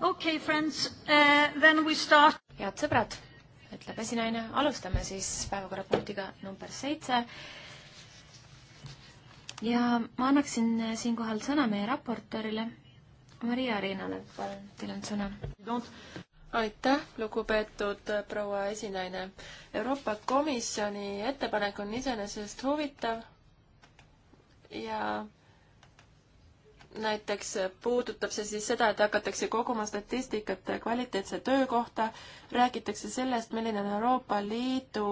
okei okay,, friends uh,, then we start. head sõbrad, ütleb esinaine, alustame siis päevakorrapunktiga number seitse. ja ma annaksin siinkohal sõna meie raportöörile Maria Riinale, palun, teil on sõna. aitäh, lugupeetud proua esinaine. Euroopa Komisjoni ettepanek on iseenesest huvitav ja näiteks puudutab see siis seda, et hakatakse koguma statistikat kvaliteetse töö kohta, räägitakse sellest, milline on Euroopa Liidu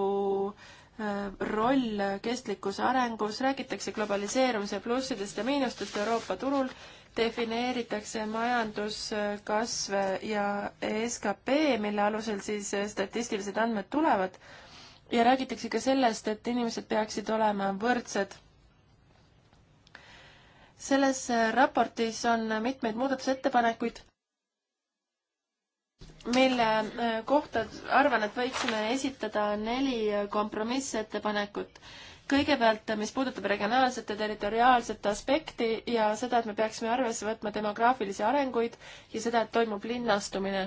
äh, roll kestlikkuse arengus, räägitakse globaliseerumise plussidest ja miinustest Euroopa turul, defineeritakse majanduskasv ja skp, mille alusel siis statistilised andmed tulevad, ja räägitakse ka sellest, et inimesed peaksid olema võrdsed selles äh, raportis on äh, mitmeid muudatusettepanekuid, mille äh, kohta arvan, et võiksime esitada neli kompromissettepanekut. kõigepealt, mis puudutab regionaalset ja territoriaalset aspekti ja seda, et me peaksime arvesse võtma demograafilisi arenguid ja seda, et toimub linnastumine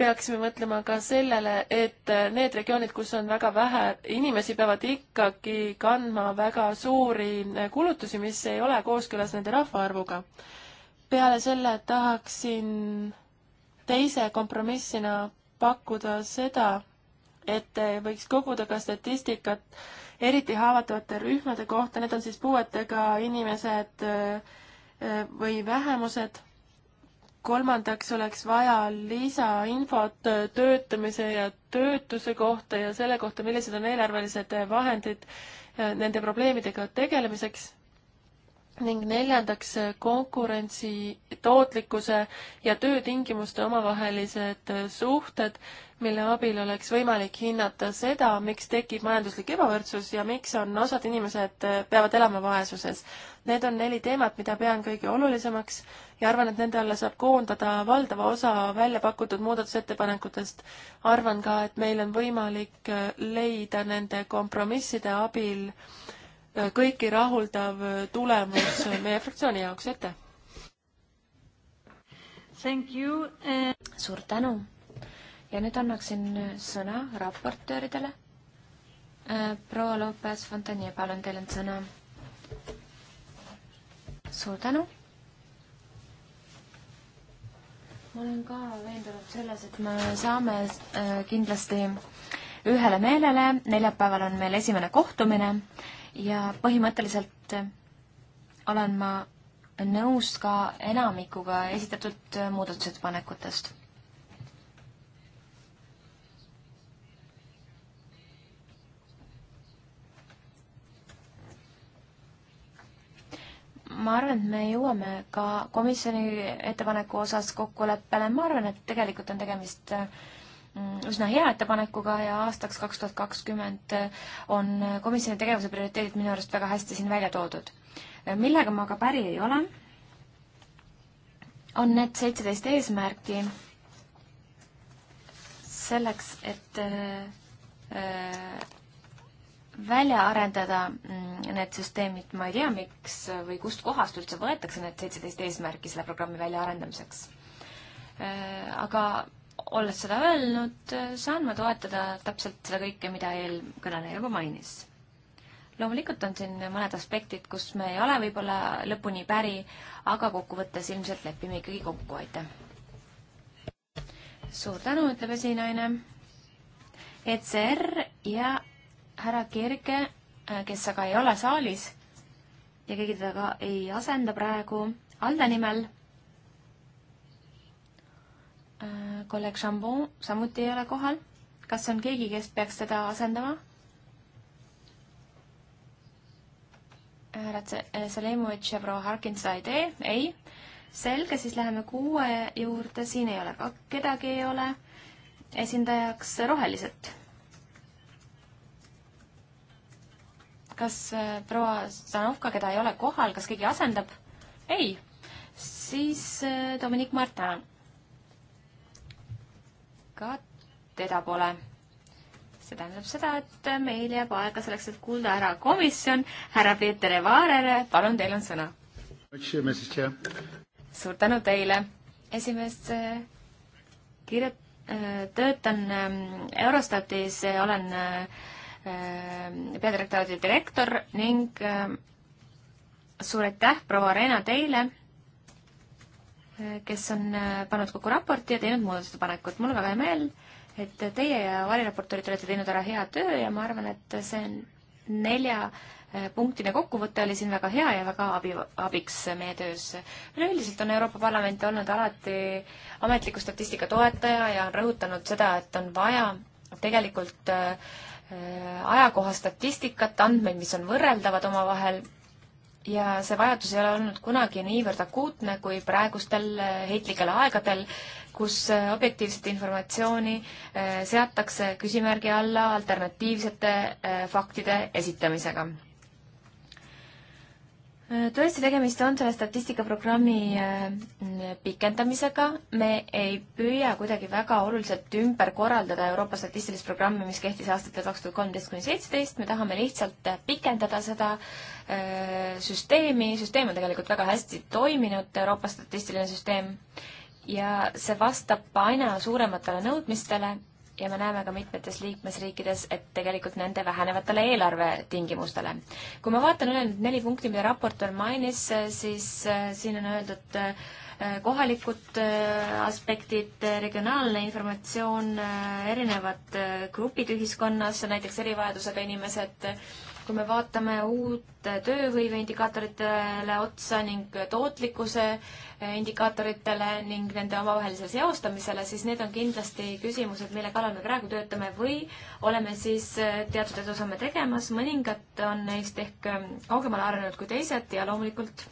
peaksime mõtlema ka sellele, et need regioonid, kus on väga vähe inimesi, peavad ikkagi kandma väga suuri kulutusi, mis ei ole kooskõlas nende rahvaarvuga. peale selle tahaksin teise kompromissina pakkuda seda, et võiks koguda ka statistikat eriti haavatavate rühmade kohta, need on siis puuetega inimesed äh, või vähemused kolmandaks oleks vaja lisainfot töötamise ja töötuse kohta ja selle kohta, millised on eelarvelised vahendid nende probleemidega tegelemiseks ning neljandaks konkurentsi, tootlikkuse ja töötingimuste omavahelised suhted, mille abil oleks võimalik hinnata seda, miks tekib majanduslik ebavõrdsus ja miks on osad inimesed, äh, peavad elama vaesuses. Need on neli teemat, mida pean kõige olulisemaks ja arvan, et nende alla saab koondada valdava osa välja pakutud muudatusettepanekutest. arvan ka, et meil on võimalik äh, leida nende kompromisside abil äh, kõiki rahuldav tulemus meie fraktsiooni jaoks, aitäh! Eh. suur tänu! ja nüüd annaksin sõna raportööridele. Eh, proua Lopez Fontanier, palun, teil on sõna. suur tänu! ma olen ka veendunud selles, et me saame eh, kindlasti ühele meelele, neljapäeval on meil esimene kohtumine ja põhimõtteliselt äh, olen ma nõus ka enamikuga esitatud äh, muudatusettepanekutest ma arvan, et me jõuame ka komisjoni ettepaneku osas kokkuleppele, ma arvan, et tegelikult on tegemist äh, üsna hea ettepanekuga ja aastaks kaks tuhat kakskümmend on komisjoni tegevuse prioriteedid minu arust väga hästi siin välja toodud. millega ma aga päri ei ole, on need seitseteist eesmärki selleks, et äh, äh, välja arendada mm, need süsteemid, ma ei tea, miks või kustkohast üldse võetakse need seitseteist eesmärki selle programmi väljaarendamiseks. Äh, aga olles seda öelnud, saan ma toetada täpselt seda kõike, mida eelkõneleja juba mainis. loomulikult on siin mõned aspektid, kus me ei ole võib-olla lõpuni päri, aga kokkuvõttes ilmselt lepime ikkagi kokku, aitäh. suur tänu, ütleb esinaine. ECR ja härra Kirge, kes aga ei ole saalis ja keegi teda ka ei asenda praegu, Alde nimel Äh, kolleeg Šambon samuti ei ole kohal. kas on keegi, kes peaks teda asendama? härra äh, Selemovitš ja proua Harkin seda ei tee, ei. selge, siis läheme kuue juurde, siin ei ole ka kedagi, ei ole esindajaks rohelised. kas äh, proua Zanovka, keda ei ole kohal, kas keegi asendab? ei. siis Dominic Martin ka teda pole. see tähendab seda, et meil jääb aega selleks, et kuulda ära komisjon. härra Peeter Evarele, palun, teil on sõna. suur tänu teile. esimest eh, kirjut-, eh, töötan eh, Eurostatis, olen peadirektoraadi direktor ning suur aitäh, proua Reena, teile kes on äh, pannud kokku raporti ja teinud muudatusettepanekut. mul on väga hea meel, et teie ja variraportorid olete teinud ära hea töö ja ma arvan, et see nelja äh, punktine kokkuvõte oli siin väga hea ja väga abi, abiks meie töös. üleüldiselt on Euroopa Parlament olnud alati ametliku statistika toetaja ja on rõhutanud seda, et on vaja tegelikult äh, ajakoha statistikat, andmeid, mis on võrreldavad omavahel ja see vajadus ei ole olnud kunagi niivõrd akuutne kui praegustel eh, heitlikel aegadel, kus eh, objektiivset informatsiooni eh, seatakse küsimärgi alla alternatiivsete faktide esitamisega. Äh, tõesti, tegemist on selle statistikaprogrammi äh, pikendamisega. me ei püüa kuidagi väga oluliselt ümber korraldada Euroopa statistilist programmi, mis kehtis aastatel kaks tuhat kolmteist kuni seitseteist, me tahame lihtsalt äh, pikendada seda süsteemi, süsteem on tegelikult väga hästi toiminud, Euroopa statistiline süsteem, ja see vastab aina suurematele nõudmistele ja me näeme ka mitmetes liikmesriikides, et tegelikult nende vähenevatele eelarvetingimustele. kui ma vaatan üle need neli punkti, mida raportöör mainis, siis äh, siin on öeldud äh, kohalikud äh, aspektid, regionaalne informatsioon, erinevad grupid ühiskonnas, näiteks erivajadusega inimesed, kui me vaatame uute tööhõive indikaatoritele otsa ning tootlikkuse eh, indikaatoritele ning nende omavahelisele seostamisele, siis need on kindlasti küsimused, mille kallal me praegu töötame või oleme siis eh, teatud edusamme tegemas, mõningad on neist ehk eh, kaugemale arenenud kui teised ja loomulikult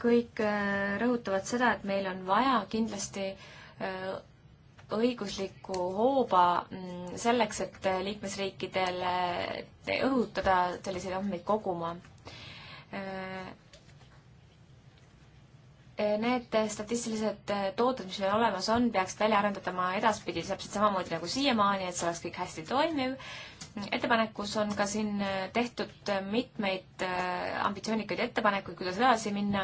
kõik rõhutavad seda, et meil on vaja kindlasti õiguslikku hooba mm, selleks, et liikmesriikidele õhutada selliseid andmeid koguma. Äh, need statistilised tooted, mis meil olemas on, peaksid välja arendatama edaspidi täpselt samamoodi nagu siiamaani, et see oleks kõik hästi toimiv. ettepanekus on ka siin tehtud mitmeid äh, ambitsioonikaid ettepanekuid, kuidas edasi minna,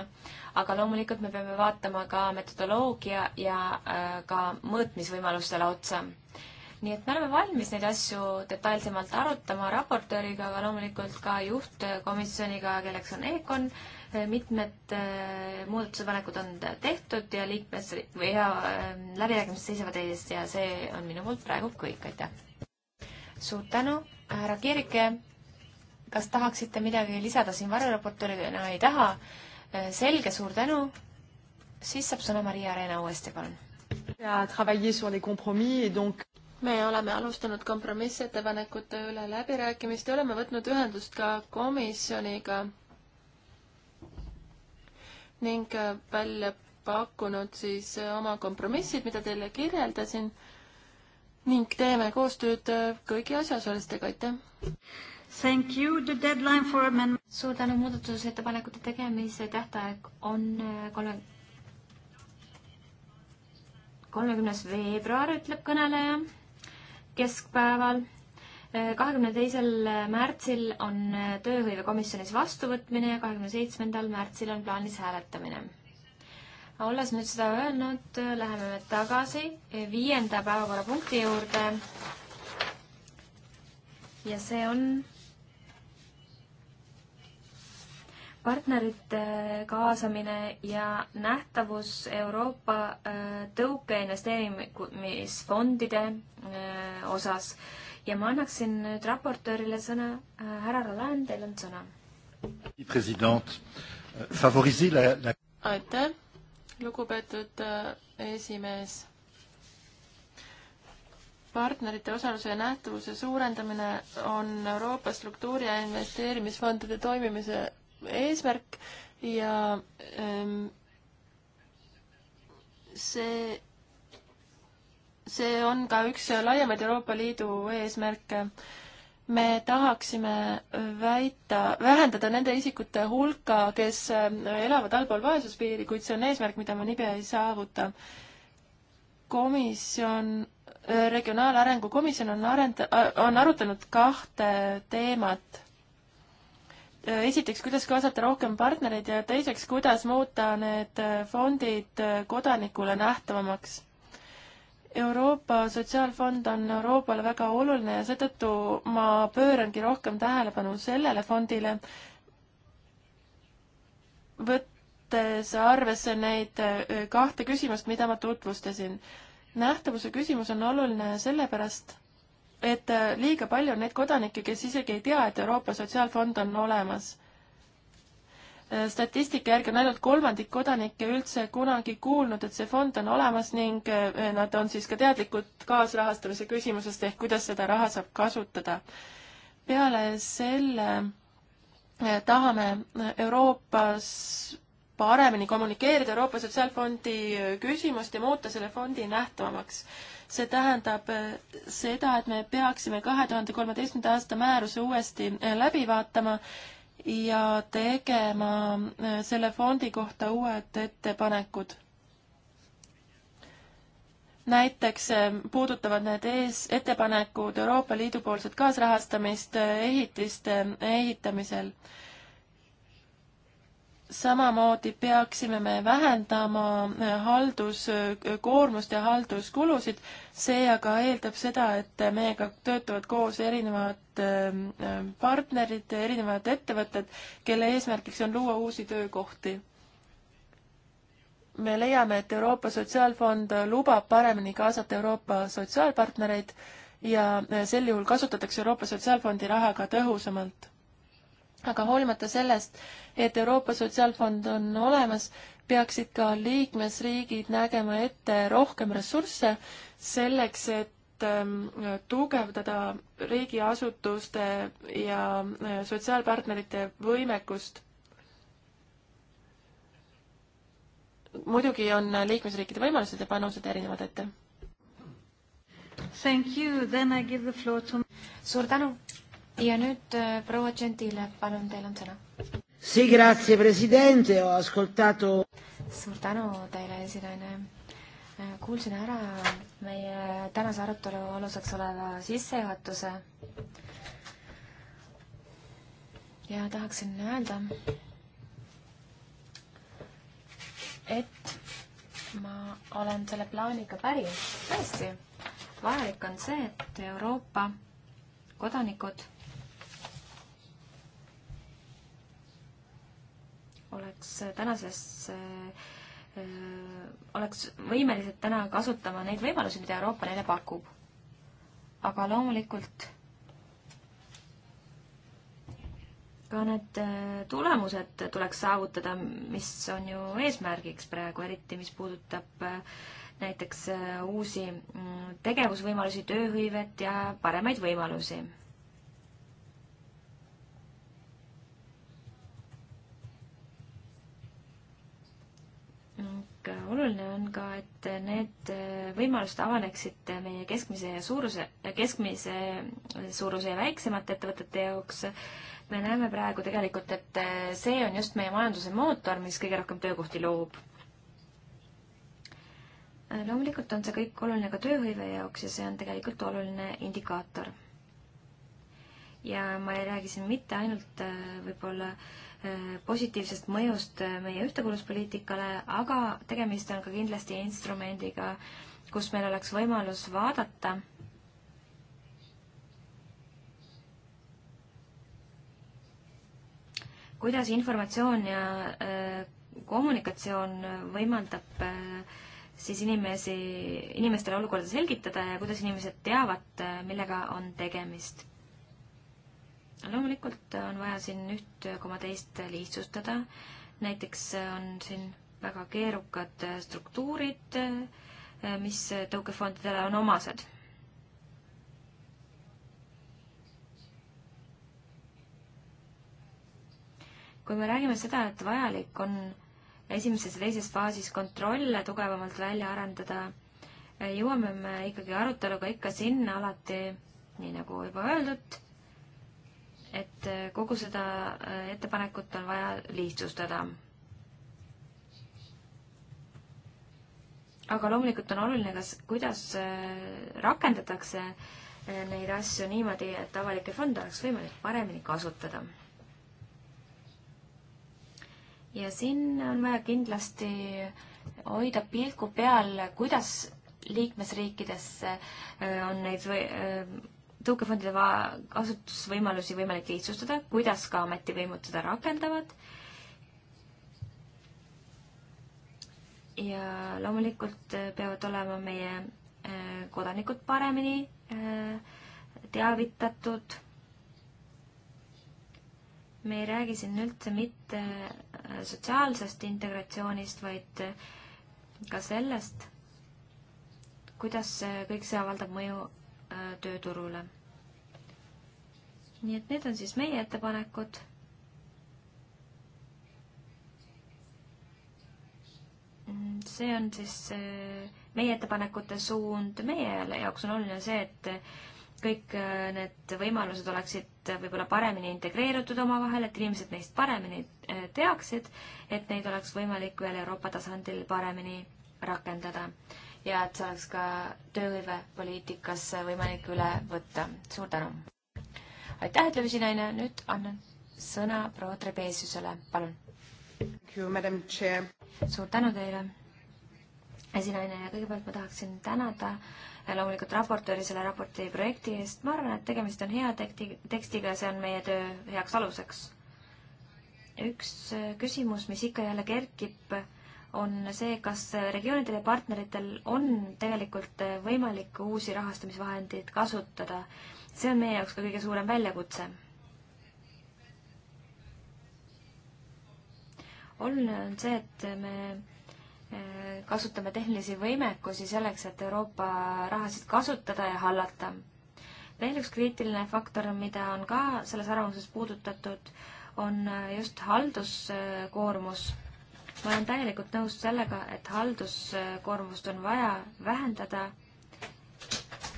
aga loomulikult me peame vaatama ka metodoloogia ja äh, ka mõõtmisvõimalustele otsa. nii et me oleme valmis neid asju detailsemalt arutama raportööriga, aga loomulikult ka juhtkomisjoniga, kelleks on EKON, äh, mitmed äh, muudatusepanekud on tehtud ja liikmes- või ja ähm, läbirääkimised seisavad ees ja see on minu poolt praegu kõik, aitäh! suur tänu, härra Kirke, kas tahaksite midagi lisada siin varjuraportöörina, ei taha? Eh, selge, suur tänu. siis saab sõna Maria Reena uuesti, palun. me oleme alustanud kompromissettepanekute üle läbirääkimist ja oleme võtnud ühendust ka komisjoniga ning äh, välja pakkunud siis äh, oma kompromissid, mida teile kirjeldasin ning teeme koostööd äh, kõigi asjaosalistega, aitäh! Thank you. The deadline for amendment. suur tänu, muudatusettepanekute tegemise tähtaeg on äh, kolme, kolmekümnes veebruar, ütleb kõneleja, keskpäeval. Äh, kahekümne teisel märtsil on äh, tööhõivekomisjonis vastuvõtmine ja kahekümne seitsmendal märtsil on plaanis hääletamine. olles nüüd seda öelnud, läheme me tagasi viienda päevakorrapunkti juurde. ja see on partnerite kaasamine ja nähtavus Euroopa äh, tõuke investeerimisfondide äh, osas. ja ma annaksin nüüd raportöörile sõna, äh, härra Roland, teil on sõna. aitäh, lugupeetud esimees partnerite osaluse ja nähtavuse suurendamine on Euroopa struktuuri ja investeerimisfondade toimimise eesmärk ja ähm, see, see on ka üks laiemaid Euroopa Liidu eesmärke. me tahaksime väita, vähendada nende isikute hulka, kes ähm, elavad allpool vaesuspiiri, kuid see on eesmärk, mida me niipea ei saavuta. komisjon, äh, regionaalarengu komisjon on arend-, on arutanud kahte teemat esiteks, kuidas kaasata rohkem partnereid ja teiseks, kuidas muuta need fondid kodanikule nähtavamaks? Euroopa Sotsiaalfond on Euroopale väga oluline ja seetõttu ma pöörangi rohkem tähelepanu sellele fondile, võttes arvesse neid äh, kahte küsimust, mida ma tutvustasin. nähtavuse küsimus on oluline sellepärast, et äh, liiga palju on neid kodanikke, kes isegi ei tea, et Euroopa Sotsiaalfond on olemas. Äh, statistika järgi on ainult kolmandik kodanikke üldse kunagi kuulnud, et see fond on olemas ning äh, nad on siis ka teadlikud kaasrahastamise küsimusest ehk kuidas seda raha saab kasutada. peale selle tahame Euroopas paremini kommunikeerida Euroopa Sotsiaalfondi küsimust ja muuta selle fondi nähtavamaks see tähendab äh, seda, et me peaksime kahe tuhande kolmeteistkümnenda aasta määruse uuesti äh, läbi vaatama ja tegema äh, selle fondi kohta uued ettepanekud. näiteks puudutavad need ees ettepanekud Euroopa Liidu poolset kaasrahastamist ehitiste ehitamisel samamoodi peaksime me vähendama äh, halduskoormust äh, ja halduskulusid, see aga eeldab seda, et meiega töötavad koos erinevad ähm, äh, partnerid, erinevad ettevõtted, kelle eesmärgiks on luua uusi töökohti. me leiame, et Euroopa Sotsiaalfond lubab paremini kaasata Euroopa sotsiaalpartnereid ja sel juhul kasutatakse Euroopa Sotsiaalfondi raha ka tõhusamalt aga hoolimata sellest, et Euroopa Sotsiaalfond on olemas, peaksid ka liikmesriigid nägema ette rohkem ressursse selleks, et ähm, tugevdada riigiasutuste ja äh, sotsiaalpartnerite võimekust. muidugi on liikmesriikide võimalused ja panused erinevad ette. Thank you, then I give the floor to suur tänu ja nüüd äh, proua Gentile, palun, teil on sõna. Sì, grazie Presidente, ho ascoltato. suur tänu teile, esinaine. Äh, kuulsin ära meie tänase arutelu aluseks oleva sissejuhatuse. ja tahaksin öelda, et ma olen selle plaaniga päri. tõesti, vajalik on see, et Euroopa kodanikud oleks tänases äh, oleks võimelised täna kasutama neid võimalusi, mida Euroopa neile pakub. aga loomulikult ka need äh, tulemused tuleks saavutada, mis on ju eesmärgiks praegu, eriti mis puudutab äh, näiteks uusi mm, tegevusvõimalusi, tööhõivet ja paremaid võimalusi ning äh, oluline on ka, et need äh, võimalused avaneksid meie keskmise ja suuruse, äh, keskmise suuruse ja väiksemate ettevõtete jaoks. me näeme praegu tegelikult, et see on just meie majanduse mootor, mis kõige rohkem töökohti loob. loomulikult on see kõik oluline ka tööhõive jaoks ja see on tegelikult oluline indikaator. ja ma ei räägi siin mitte ainult võib-olla äh, positiivsest mõjust äh, meie ühtekuuluvuspoliitikale, aga tegemist on ka kindlasti instrumendiga, kus meil oleks võimalus vaadata, kuidas informatsioon ja äh, kommunikatsioon võimaldab äh, siis inimesi, inimestele olukorda selgitada ja kuidas inimesed teavad, millega on tegemist loomulikult on vaja siin üht koma teist lihtsustada. näiteks on siin väga keerukad struktuurid, mis tõukefondidele on omased kui me räägime seda, et vajalik on esimeses ja teises faasis kontrolle tugevamalt välja arendada, jõuame me ikkagi aruteluga ikka sinna alati, nii nagu juba öeldud, et äh, kogu seda äh, ettepanekut on vaja lihtsustada. aga loomulikult on oluline, kas, kuidas äh, rakendatakse neid asju niimoodi, et avalikke fonde oleks võimalik paremini kasutada. ja siin on vaja kindlasti hoida pilgu peal, kuidas liikmesriikides on neid või tõukefondide kasutusvõimalusi võimalik lihtsustada, kuidas ka ametivõimud seda rakendavad. ja loomulikult äh, peavad olema meie äh, kodanikud paremini äh, teavitatud. me ei räägi siin üldse mitte sotsiaalsest integratsioonist, vaid ka sellest, kuidas kõik see avaldab mõju tööturule nii et need on siis meie ettepanekud. see on siis äh, meie ettepanekute suund, meie jaoks on oluline see, et kõik äh, need võimalused oleksid võib-olla paremini integreeritud omavahel, et inimesed neist paremini äh, teaksid, et neid oleks võimalik veel Euroopa tasandil paremini rakendada ja et see oleks ka tööhõivepoliitikasse võimalik üle võtta. suur tänu! aitäh, ütleme sina, Aine, nüüd annan sõna proua Trebeesiusele, palun. suur tänu teile, esinaine, ja kõigepealt ma tahaksin tänada ja loomulikult raportööri selle raporti projekti eest, ma arvan, et tegemist on hea tekti, tekstiga ja see on meie töö heaks aluseks. üks küsimus, mis ikka jälle kerkib, on see, kas regioonidel ja partneritel on tegelikult võimalik uusi rahastamisvahendeid kasutada see on meie jaoks ka kõige suurem väljakutse. oluline on see, et me eh, kasutame tehnilisi võimekusi selleks, et Euroopa rahasid kasutada ja hallata. veel üks kriitiline faktor, mida on ka selles arvamuses puudutatud, on eh, just halduskoormus ma olen täielikult nõus sellega, et halduskoormust on vaja vähendada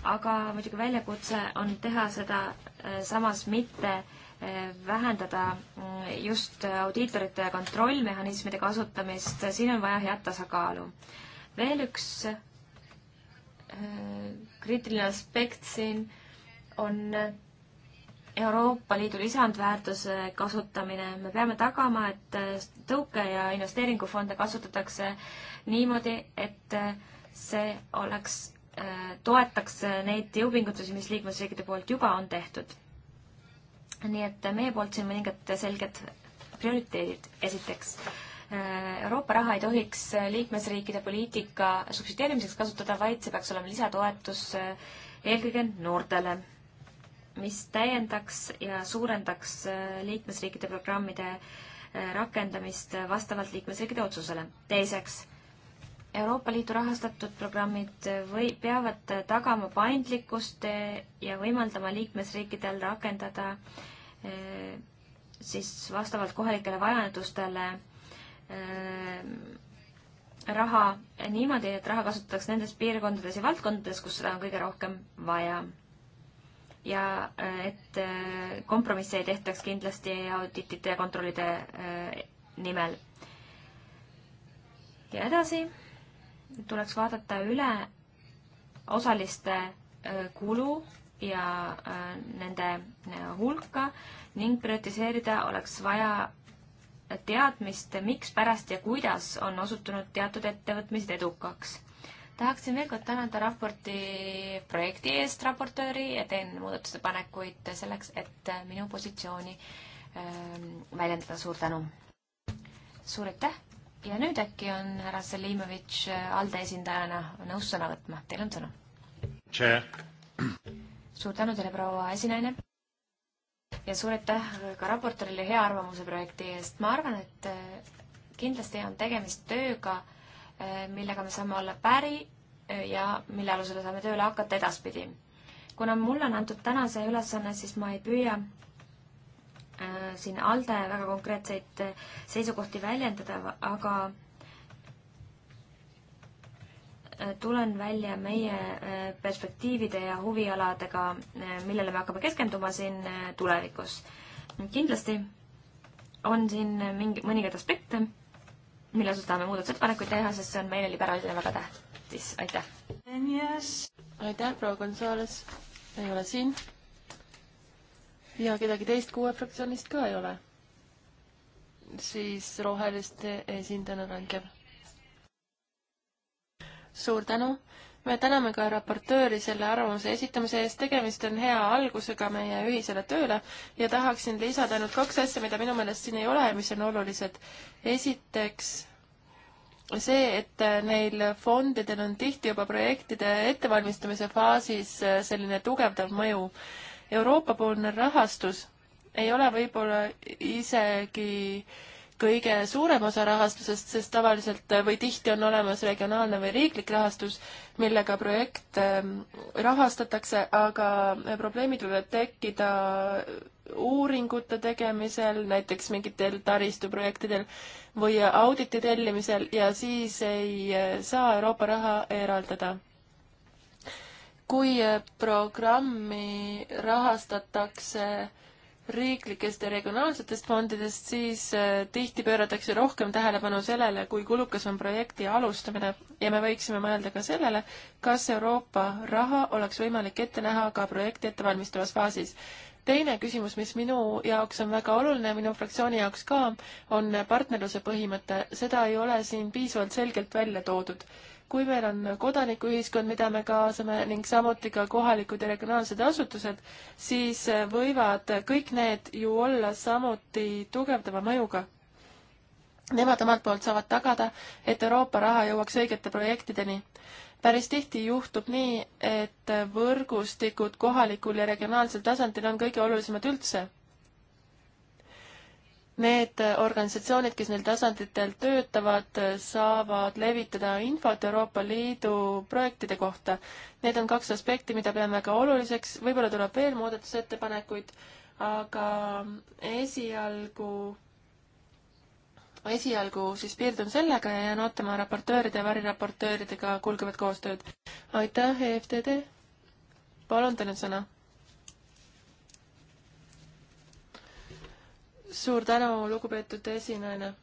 aga muidugi väljakutse on teha seda äh, samas mitte äh, vähendada mm, just audiitorite ja kontrollmehhanismide kasutamist, siin on vaja head tasakaalu. veel üks äh, kriitiline aspekt siin on Euroopa Liidu lisandväärtuse kasutamine. me peame tagama, et tõuke- ja investeeringufonde kasutatakse niimoodi, et see oleks toetaks neid jõupingutusi, mis liikmesriikide poolt juba on tehtud. nii et meie poolt siin mõningad selged prioriteedid. esiteks, äh, Euroopa raha ei tohiks liikmesriikide poliitika subsideerimiseks kasutada, vaid see peaks olema lisatoetus äh, eelkõige noortele, mis täiendaks ja suurendaks äh, liikmesriikide programmide rakendamist vastavalt liikmesriikide otsusele. teiseks, Euroopa Liidu rahastatud programmid või peavad tagama paindlikkust eh, ja võimaldama liikmesriikidel rakendada eh, siis vastavalt kohalikele vajadustele eh, raha niimoodi, et raha kasutatakse nendes piirkondades ja valdkondades, kus seda on kõige rohkem vaja. ja et kompromisse ei tehtaks kindlasti auditite ja kontrollide nimel. ja edasi tuleks vaadata üle osaliste kulu ja nende hulka ning prioritiseerida oleks vaja teadmist, mikspärast ja kuidas on osutunud teatud ettevõtmised edukaks. tahaksin veel kord tänada raporti projekti eest raportööri ja teen muudatusettepanekuid selleks, et minu positsiooni väljendada. suur tänu! suur aitäh! ja nüüd äkki on härra Selimovitš äh, ALDE esindajana nõus sõna võtma, teil on sõna. suur tänu teile, proua esinaine. ja suur aitäh ka raportorile hea arvamuse projekti eest, ma arvan, et äh, kindlasti on tegemist tööga, äh, millega me saame olla päri ja mille alusel saame tööle hakata edaspidi. kuna mulle on antud täna see ülesanne, siis ma ei püüa Äh, siin ALDE väga konkreetseid äh, seisukohti väljendada, aga äh, tulen välja meie perspektiivide ja huvialadega, millele me hakkame keskenduma siin tulevikus. kindlasti on siin mingi, mõningaid aspekte, mille osas tahame muudatusettepanekuid teha, sest see on meile liberaalidele väga tähtis. aitäh yes.! aitäh, proua Gonzales! ei ole siin ja kedagi teist kuue fraktsioonist ka ei ole. siis roheliste esindajana Rankev. suur tänu. me täname ka raportööri selle arvamuse esitamise eest, tegemist on hea algusega meie ühisele tööle ja tahaksin lisada ainult kaks asja, mida minu meelest siin ei ole ja mis on olulised. esiteks see, et neil fondidel on tihti juba projektide ettevalmistamise faasis äh, selline tugevdav mõju Euroopa-poolne rahastus ei ole võib-olla isegi kõige suurem osa rahastusest, sest tavaliselt või tihti on olemas regionaalne või riiklik rahastus, millega projekt ähm, rahastatakse, aga äh, probleemid võivad tekkida uuringute tegemisel, näiteks mingitel taristuprojektidel või auditi tellimisel ja siis ei äh, saa Euroopa raha eraldada kui äh, programmi rahastatakse riiklikest ja regionaalsetest fondidest, siis äh, tihti pööratakse rohkem tähelepanu sellele, kui kulukas on projekti alustamine ja me võiksime mõelda ka sellele, kas Euroopa raha oleks võimalik ette näha ka projekti ettevalmistavas faasis. teine küsimus, mis minu jaoks on väga oluline, minu fraktsiooni jaoks ka, on partnerluse põhimõte. seda ei ole siin piisavalt selgelt välja toodud kui meil on kodanikuühiskond, mida me kaasame ning samuti ka kohalikud ja regionaalsed asutused, siis äh, võivad kõik need ju olla samuti tugevdava mõjuga. Nemad omalt poolt saavad tagada, et Euroopa raha jõuaks õigete projektideni. päris tihti juhtub nii, et võrgustikud kohalikul ja regionaalsel tasandil on kõige olulisemad üldse Need organisatsioonid, kes neil tasanditel töötavad, saavad levitada infot Euroopa Liidu projektide kohta. Need on kaks aspekti, mida peame ka oluliseks, võib-olla tuleb veel muudatusettepanekuid, aga esialgu, esialgu siis piirdun sellega ja jään ootama raportööride ja variraportööridega kulgevat koostööd. aitäh, EFTD! palun, teil on sõna suur tänu, lugupeetud esinaine.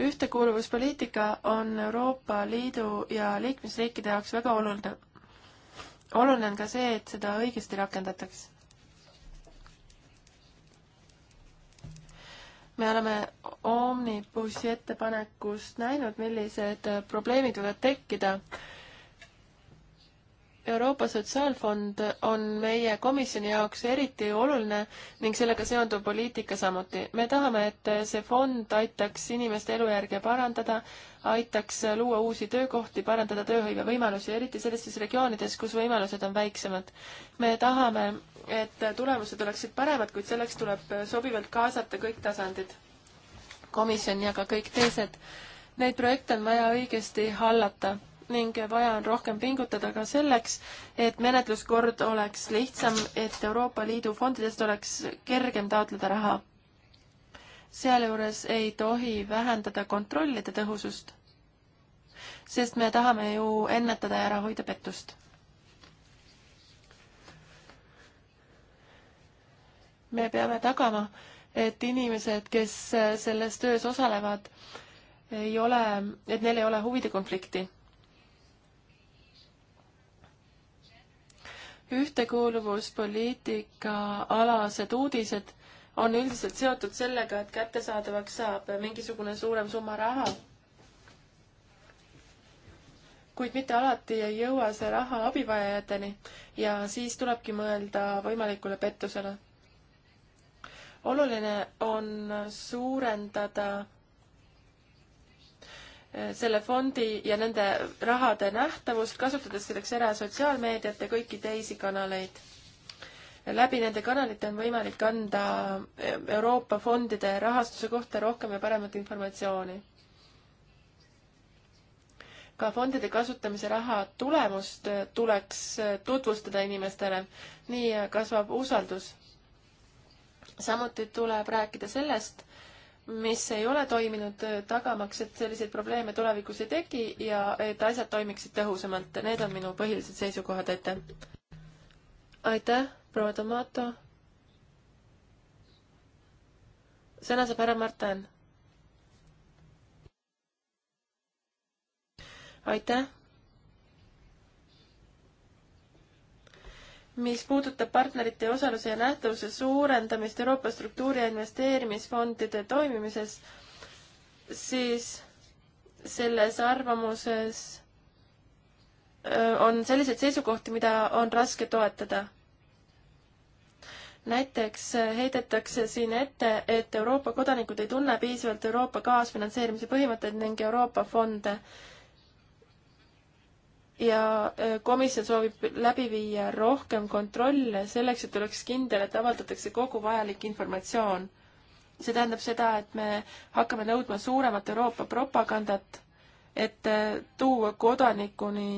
ühtekuuluvuspoliitika on Euroopa Liidu ja liikmesriikide jaoks väga oluline. oluline on ka see, et seda õigesti rakendataks. me oleme Omnibussi ettepanekust näinud, millised probleemid võivad tekkida Euroopa Sotsiaalfond on meie komisjoni jaoks eriti oluline ning sellega seonduv poliitika samuti. me tahame, et see fond aitaks inimeste elujärge parandada, aitaks luua uusi töökohti, parandada tööhõivevõimalusi, eriti sellistes regioonides, kus võimalused on väiksemad. me tahame, et tulemused oleksid paremad, kuid selleks tuleb sobivalt kaasata kõik tasandid, komisjon ja ka kõik teised. Neid projekte on vaja õigesti hallata ning vaja on rohkem pingutada ka selleks, et menetluskord oleks lihtsam, et Euroopa Liidu fondidest oleks kergem taotleda raha. sealjuures ei tohi vähendada kontrollide tõhusust, sest me tahame ju ennetada ja ära hoida pettust. me peame tagama, et inimesed, kes selles töös osalevad, ei ole, et neil ei ole huvide konflikti ühtekuuluvuspoliitika alased uudised on üldiselt seotud sellega, et kättesaadavaks saab mingisugune suurem summa raha. kuid mitte alati ei jõua see raha abivajajateni ja siis tulebki mõelda võimalikule pettusele. oluline on suurendada Äh, selle fondi ja nende rahade nähtavust, kasutades selleks ära sotsiaalmeediat ja kõiki teisi kanaleid. läbi nende kanalite on võimalik anda äh, Euroopa fondide rahastuse kohta rohkem ja paremat informatsiooni. ka fondide kasutamise raha tulemust äh, tuleks tutvustada inimestele, nii kasvab usaldus. samuti tuleb rääkida sellest, mis ei ole toiminud, tagamaks, et selliseid probleeme tulevikus ei teki ja et asjad toimiksid tõhusamalt. Need on minu põhilised seisukohad, aitäh. aitäh, proua Tomato. sõna saab härra Martin. aitäh mis puudutab partnerite osaluse ja nähtavuse suurendamist Euroopa struktuuri- ja investeerimisfondide toimimises, siis selles arvamuses äh, on selliseid seisukohti, mida on raske toetada. näiteks äh, heidetakse siin ette, et Euroopa kodanikud ei tunne piisavalt Euroopa kaasfinantseerimise põhimõtteid ning Euroopa fonde ja äh, komisjon soovib läbi viia rohkem kontrolle selleks, et oleks kindel, et avaldatakse kogu vajalik informatsioon. see tähendab seda, et me hakkame nõudma suuremat Euroopa propagandat, et äh, tuua kodanikuni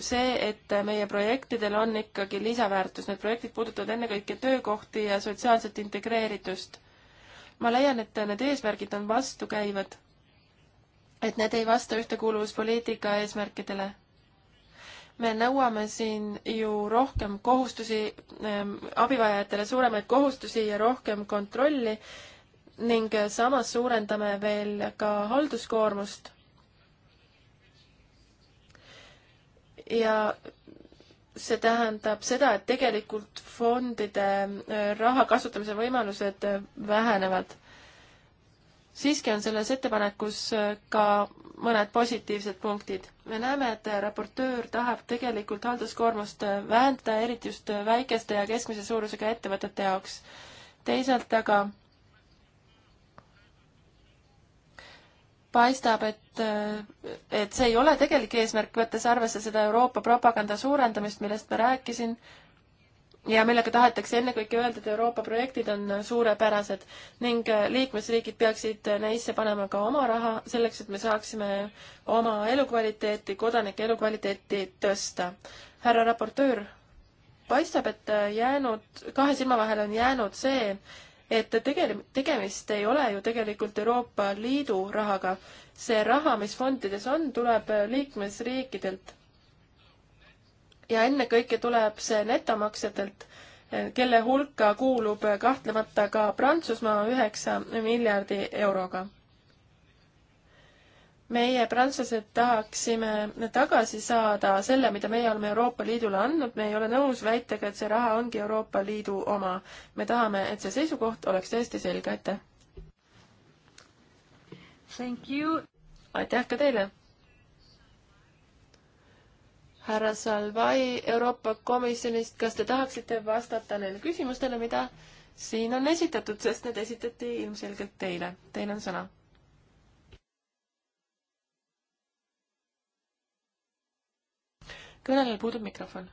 see, et äh, meie projektidel on ikkagi lisaväärtus, need projektid puudutavad ennekõike töökohti ja sotsiaalset integreeritust. ma leian, et need eesmärgid on vastukäivad, et need ei vasta ühtekuuluvuspoliitika eesmärkidele me nõuame siin ju rohkem kohustusi ehm, abivajajatele, suuremaid kohustusi ja rohkem kontrolli ning samas suurendame veel ka halduskoormust. ja see tähendab seda, et tegelikult fondide ehm, raha kasutamise võimalused vähenevad siiski on selles ettepanekus äh, ka mõned positiivsed punktid. me näeme, et raportöör tahab tegelikult halduskoormust äh, vähendada, eriti just äh, väikeste ja keskmise suurusega ettevõtete jaoks. teisalt aga paistab, et, et see ei ole tegelik eesmärk, võttes arvesse seda Euroopa propaganda suurendamist, millest ma rääkisin, ja millega tahetakse ennekõike öelda, et Euroopa projektid on suurepärased ning äh, liikmesriigid peaksid neisse panema ka oma raha, selleks et me saaksime oma elukvaliteeti, kodanike elukvaliteeti tõsta. härra raportöör, paistab, et äh, jäänud, kahe silma vahele on jäänud see, et tegel-, tegemist ei ole ju tegelikult Euroopa Liidu rahaga. see raha, mis fondides on, tuleb äh, liikmesriikidelt ja ennekõike tuleb see netomaksjatelt, kelle hulka kuulub kahtlemata ka Prantsusmaa üheksa miljardi euroga. meie, prantslased, tahaksime tagasi saada selle, mida meie oleme Euroopa Liidule andnud, me ei ole nõus väitega, et see raha ongi Euroopa Liidu oma. me tahame, et see seisukoht oleks täiesti selge, aitäh! aitäh ka teile! härra Salvai Euroopa Komisjonist, kas te tahaksite vastata neile küsimustele, mida siin on esitatud, sest need esitati ilmselgelt teile. Teil on sõna. kõnelejal puudub mikrofon.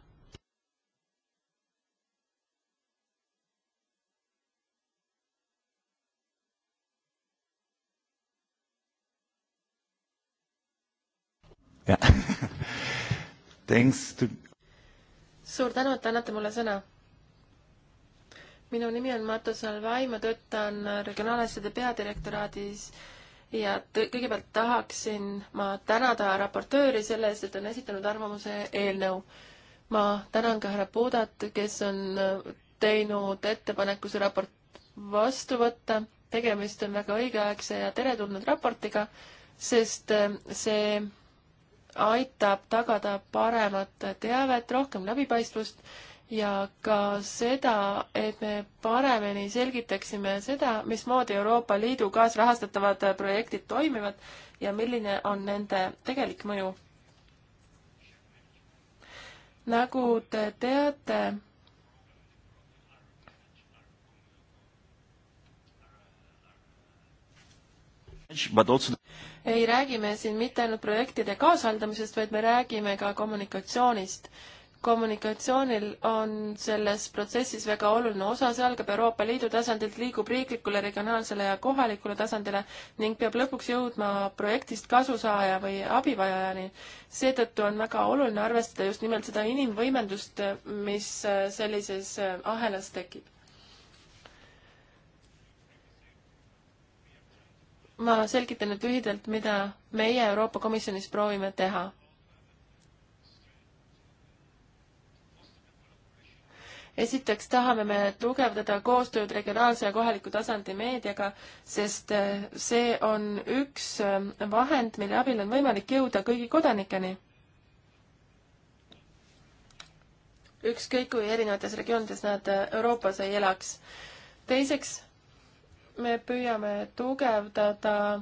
jah To... suur tänu, et annate mulle sõna. minu nimi on Martu Salvai, ma töötan regionaalasjade peadirektoraadis ja kõigepealt tahaksin ma tänada raportööri selle eest, et on esitanud arvamuse eelnõu. ma tänan ka härra Puudat, kes on teinud ettepaneku see raport vastu võtta. tegemist on väga õigeaegse ja teretulnud raportiga, sest eh, see aitab tagada paremat teavet, rohkem läbipaistvust ja ka seda, et me paremini selgitaksime seda, mismoodi Euroopa Liidu kaasrahastatavad projektid toimivad ja milline on nende tegelik mõju. nagu te teate, but also ei räägi me siin mitte ainult projektide kaasaldamisest, vaid me räägime ka kommunikatsioonist. kommunikatsioonil on selles protsessis väga oluline osa, see algab Euroopa Liidu tasandilt, liigub riiklikule, regionaalsele ja kohalikule tasandile ning peab lõpuks jõudma projektist kasusaaja või abivajajani. seetõttu on väga oluline arvestada just nimelt seda inimvõimendust, mis sellises ahelas tekib ma selgitan nüüd lühidalt, mida meie Euroopa Komisjonis proovime teha. esiteks tahame me tugevdada koostööd regionaalse ja kohaliku tasandi meediaga, sest äh, see on üks äh, vahend, mille abil on võimalik jõuda kõigi kodanikeni. ükskõik kui erinevates regioonides nad äh, Euroopas ei elaks. teiseks me püüame tugevdada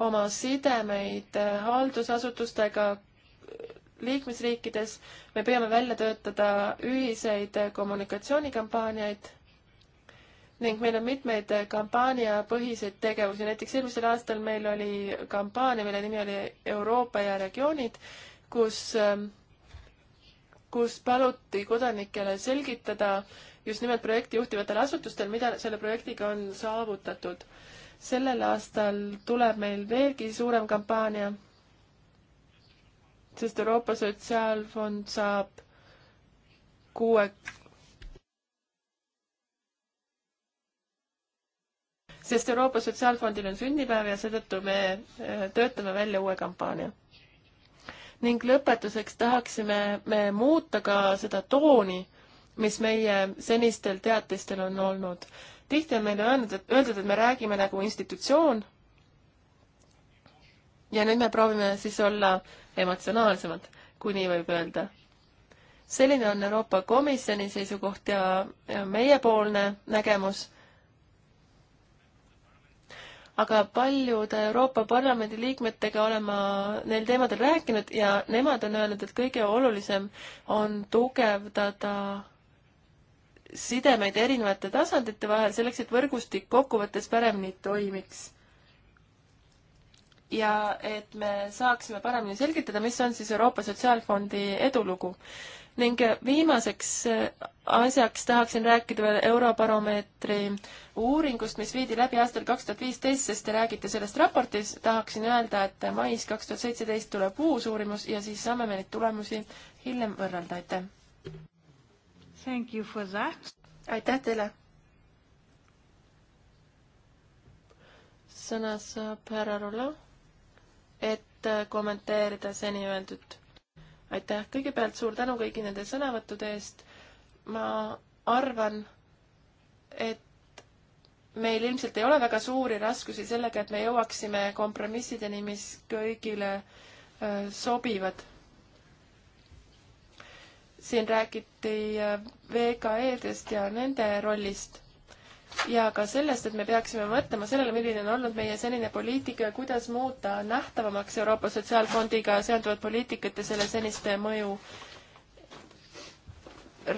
oma sidemeid haldusasutustega liikmesriikides, me püüame välja töötada ühiseid kommunikatsioonikampaaniaid ning meil on mitmeid kampaaniapõhiseid tegevusi, näiteks eelmisel aastal meil oli kampaania, mille nimi oli Euroopa ja regioonid, kus, kus paluti kodanikele selgitada, just nimelt projekti juhtivatel asutustel, mida selle projektiga on saavutatud. sellel aastal tuleb meil veelgi suurem kampaania, sest Euroopa Sotsiaalfond saab kuue sest Euroopa Sotsiaalfondil on sünnipäev ja seetõttu me eh, töötame välja uue kampaania. ning lõpetuseks tahaksime me muuta ka seda tooni, mis meie senistel teatistel on olnud. tihti on meile öelnud, et, öeldud, et me räägime nagu institutsioon ja nüüd me proovime siis olla emotsionaalsemad, kui nii võib öelda. selline on Euroopa Komisjoni seisukoht ja meiepoolne nägemus. aga paljude Euroopa Parlamendi liikmetega olen ma neil teemadel rääkinud ja nemad on öelnud, et kõige olulisem on tugevdada sidemeid erinevate tasandite vahel, selleks et võrgustik kokkuvõttes paremini toimiks. ja et me saaksime paremini selgitada, mis on siis Euroopa Sotsiaalfondi edulugu. ning viimaseks asjaks tahaksin rääkida veel Eurobaromeetri uuringust, mis viidi läbi aastal kaks tuhat viisteist, sest te räägite sellest raportis, tahaksin öelda, et mais kaks tuhat seitseteist tuleb uus uurimus ja siis saame me neid tulemusi hiljem võrrelda, aitäh! Thank you for that. aitäh teile. sõna saab härra Rulla, et äh, kommenteerida seni öeldut. aitäh, kõigepealt suur tänu kõigi nende sõnavõttude eest. ma arvan, et meil ilmselt ei ole väga suuri raskusi sellega, et me jõuaksime kompromissideni, mis kõigile äh, sobivad siin räägiti äh, VKE-dest ja nende rollist ja ka sellest, et me peaksime mõtlema sellele, milline on olnud meie senine poliitika ja kuidas muuta nähtavamaks Euroopa Sotsiaalfondiga seonduvat poliitikat ja selle seniste mõju.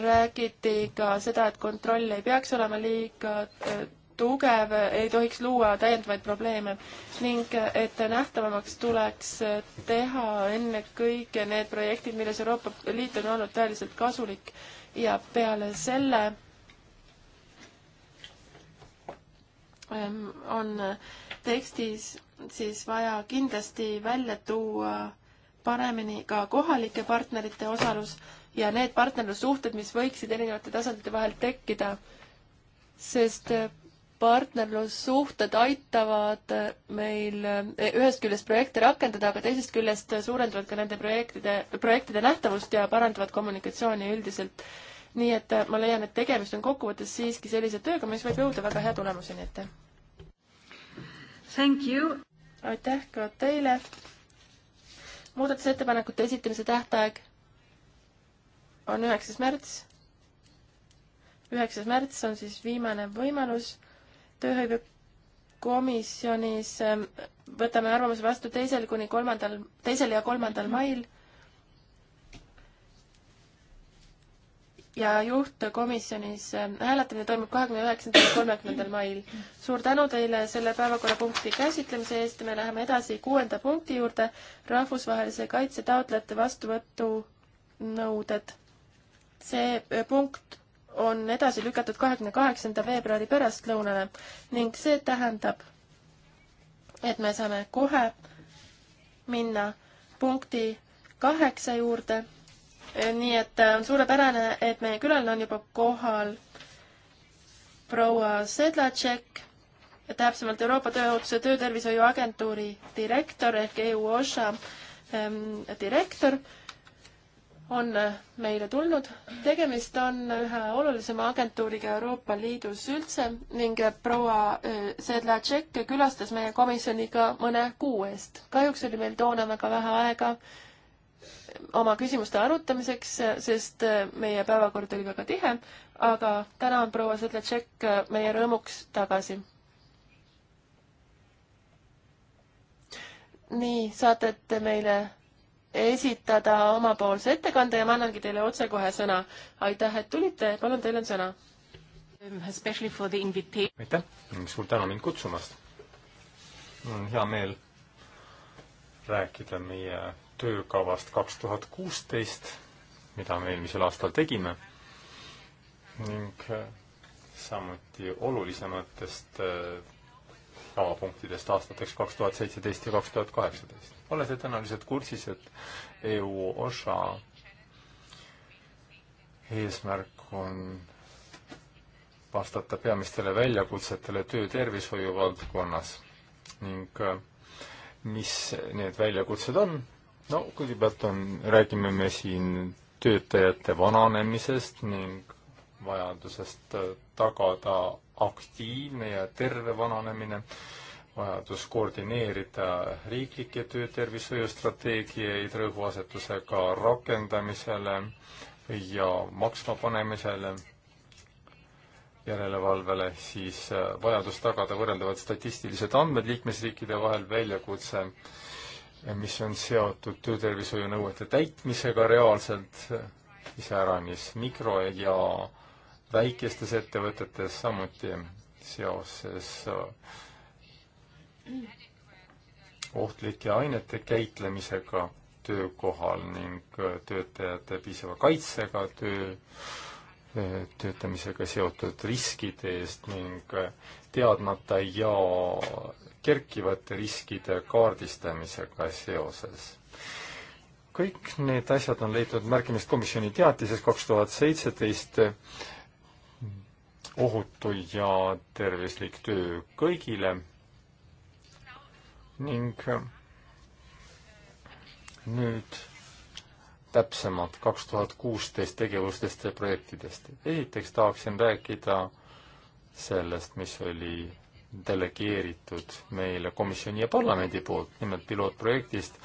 räägiti ka seda, et kontroll ei peaks olema liiga äh, tugev, ei tohiks luua täiendavaid probleeme ning et nähtavamaks tuleks teha ennekõike need projektid, milles Euroopa Liit on olnud tõeliselt kasulik ja peale selle ähm, on tekstis siis vaja kindlasti välja tuua paremini ka kohalike partnerite osalus ja need partnerlussuhted, mis võiksid erinevate tasandite vahel tekkida, sest partnerlussuhted aitavad meil eh, ühest küljest projekte rakendada, aga teisest küljest suurendavad ka nende projektide, projektide nähtavust ja parandavad kommunikatsiooni üldiselt. nii et eh, ma leian, et tegemist on kokkuvõttes siiski sellise tööga, mis võib jõuda väga hea tulemuseni ette. aitäh ka teile. muudatusettepanekute esitamise tähtaeg on üheksas märts üheksas märts on siis viimane võimalus tööhõivekomisjonis ähm, võtame arvamuse vastu teisel kuni kolmandal, teisel ja kolmandal mail. ja juhtkomisjonis ähm, hääletamine toimub kahekümne üheksandal ja kolmekümnendal mail. suur tänu teile selle päevakorrapunkti käsitlemise eest ja me läheme edasi kuuenda punkti juurde, rahvusvahelise kaitse taotlejate vastuvõtu nõuded. see äh, punkt on edasi lükatud kahekümne kaheksanda veebruari pärastlõunale ning see tähendab, et me saame kohe minna punkti kaheksa juurde. nii et äh, on suurepärane, et meie külaline on juba kohal, proua Sedlatšek, täpsemalt Euroopa Tööohutuse Töötervishoiu Agentuuri direktor ehk EU OSHA ähm, direktor on meile tulnud. tegemist on ühe olulisema agentuuriga Euroopa Liidus üldse ning proua äh, Sedlatšek külastas meie komisjoni ka mõne kuu eest. kahjuks oli meil toona väga vähe aega oma küsimuste arutamiseks, sest äh, meie päevakord oli väga tihe, aga täna on proua Sedlatšek äh, meie rõõmuks tagasi. nii, saadete meile esitada omapoolse ettekande ja ma annangi teile otsekohe sõna. aitäh, et tulite, palun, teil on sõna. aitäh, suur tänu mind kutsumast. mul on hea meel rääkida meie töökavast kaks tuhat kuusteist, mida me eelmisel aastal tegime ning samuti olulisematest päevapunktidest aastateks kaks tuhat seitseteist ja kaks tuhat kaheksateist. olete tõenäoliselt kursis, et EU osa eesmärk on vastata peamistele väljakutsetele töötervishoiu valdkonnas ning äh, mis need väljakutsed on? no kõigepealt on, räägime me siin töötajate vananemisest ning vajadusest äh, tagada aktiivne ja terve vananemine, vajadus koordineerida riiklikke töötervishoiustrateegiaid rõhuasetusega rakendamisele ja maksma panemisele järelevalvele, siis äh, vajadus tagada võrreldavad statistilised andmed liikmesriikide vahel, väljakutse, mis on seotud töötervishoiu nõuete täitmisega reaalselt, äh, iseäranis mikro- ja väikestes ettevõtetes samuti seoses äh, ohtlike ainete käitlemisega töökohal ning äh, töötajate piisava kaitsega töö, äh, töötamisega seotud riskide eest ning teadmata ja kerkivate riskide kaardistamisega seoses. kõik need asjad on leidnud märkimist komisjoni teatises kaks tuhat seitseteist ohutu ja tervislik töö kõigile ning äh, nüüd täpsemalt kaks tuhat kuusteist tegevustest ja projektidest. esiteks tahaksin rääkida sellest, mis oli delegeeritud meile komisjoni ja parlamendi poolt, nimelt pilootprojektist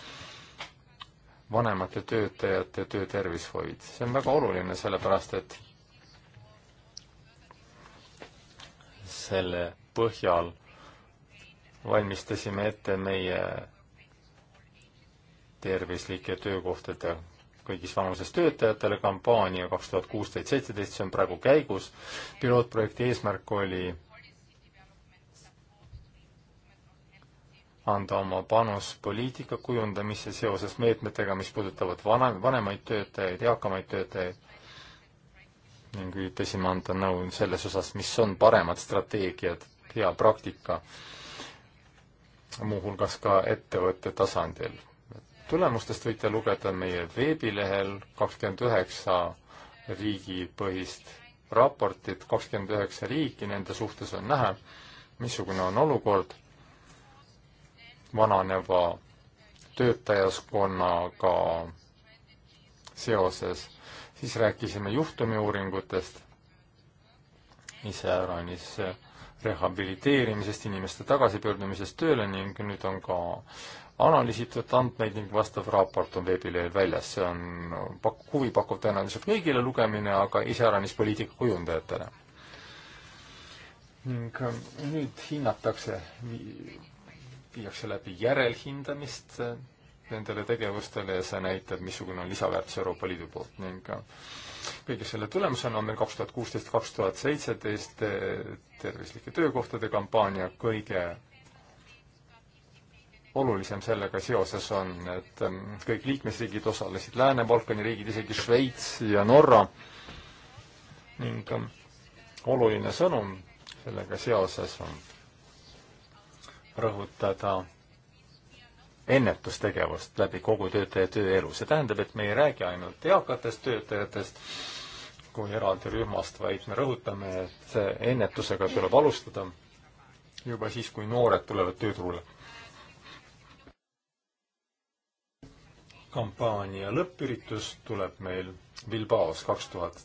vanemate töötajate töötervishoid. see on väga oluline, sellepärast et selle põhjal valmistasime ette meie tervislike töökohtade kõigis vanuses töötajatele kampaania kaks tuhat kuusteist, seitseteist, see on praegu käigus. pilootprojekti eesmärk oli anda oma panus poliitika kujundamisse seoses meetmetega, mis puudutavad vanem, vanemaid töötajaid, eakamaid töötajaid ning üritasime anda nõu selles osas, mis on paremad strateegiad, hea praktika, muuhulgas ka ettevõtte tasandil. tulemustest võite lugeda meie veebilehel kakskümmend üheksa riigipõhist raportit, kakskümmend üheksa riiki, nende suhtes on näha, missugune on olukord vananeva töötajaskonnaga seoses siis rääkisime juhtumiuuringutest, iseäranis rehabiliteerimisest, inimeste tagasipöördumisest tööle ning nüüd on ka analüüsitud andmeid ning vastav raport on veebilehel väljas. see on pak-, huvipakkuv tõenäoliselt kõigile lugemine, aga iseäranis poliitikakujundajatele. ning äh, nüüd hinnatakse, viiakse läbi järelhindamist äh, nendele tegevustele ja see näitab, missugune on lisaväärtus Euroopa Liidu poolt ning äh, kõige selle tulemusena on meil kaks tuhat kuusteist, kaks tuhat seitseteist äh, tervislike töökohtade kampaania kõige olulisem sellega seoses on, et ähm, kõik liikmesriigid osalesid, Lääne-Balkani riigid, isegi Šveits ja Norra ning ähm, oluline sõnum sellega seoses on rõhutada ennetustegevust läbi kogu töötaja tööelu. see tähendab, et me ei räägi ainult eakatest töötajatest kui eraldi rühmast, vaid me rõhutame, et ennetusega tuleb alustada juba siis, kui noored tulevad tööturule. kampaania lõppüritus tuleb meil Bilbaos kaks tuhat,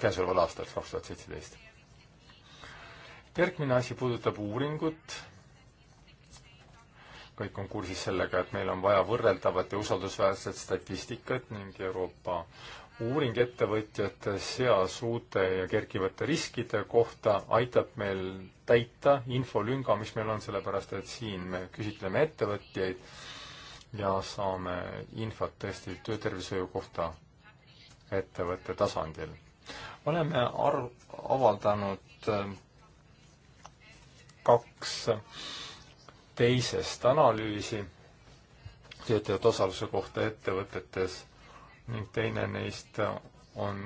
käesoleval aastal, kaks tuhat seitseteist. järgmine asi puudutab uuringut kõik on kursis sellega, et meil on vaja võrreldavat ja usaldusväärset statistikat ning Euroopa uuring ettevõtjate seas uute ja kerkivate riskide kohta aitab meil täita infolünga, mis meil on, sellepärast et siin me küsitleme ettevõtjaid ja saame infot tõesti töötervishoiu kohta ettevõtte tasandil. oleme ar-, avaldanud äh, kaks teisest analüüsi töötajate osaluse kohta ettevõtetes ning teine neist on,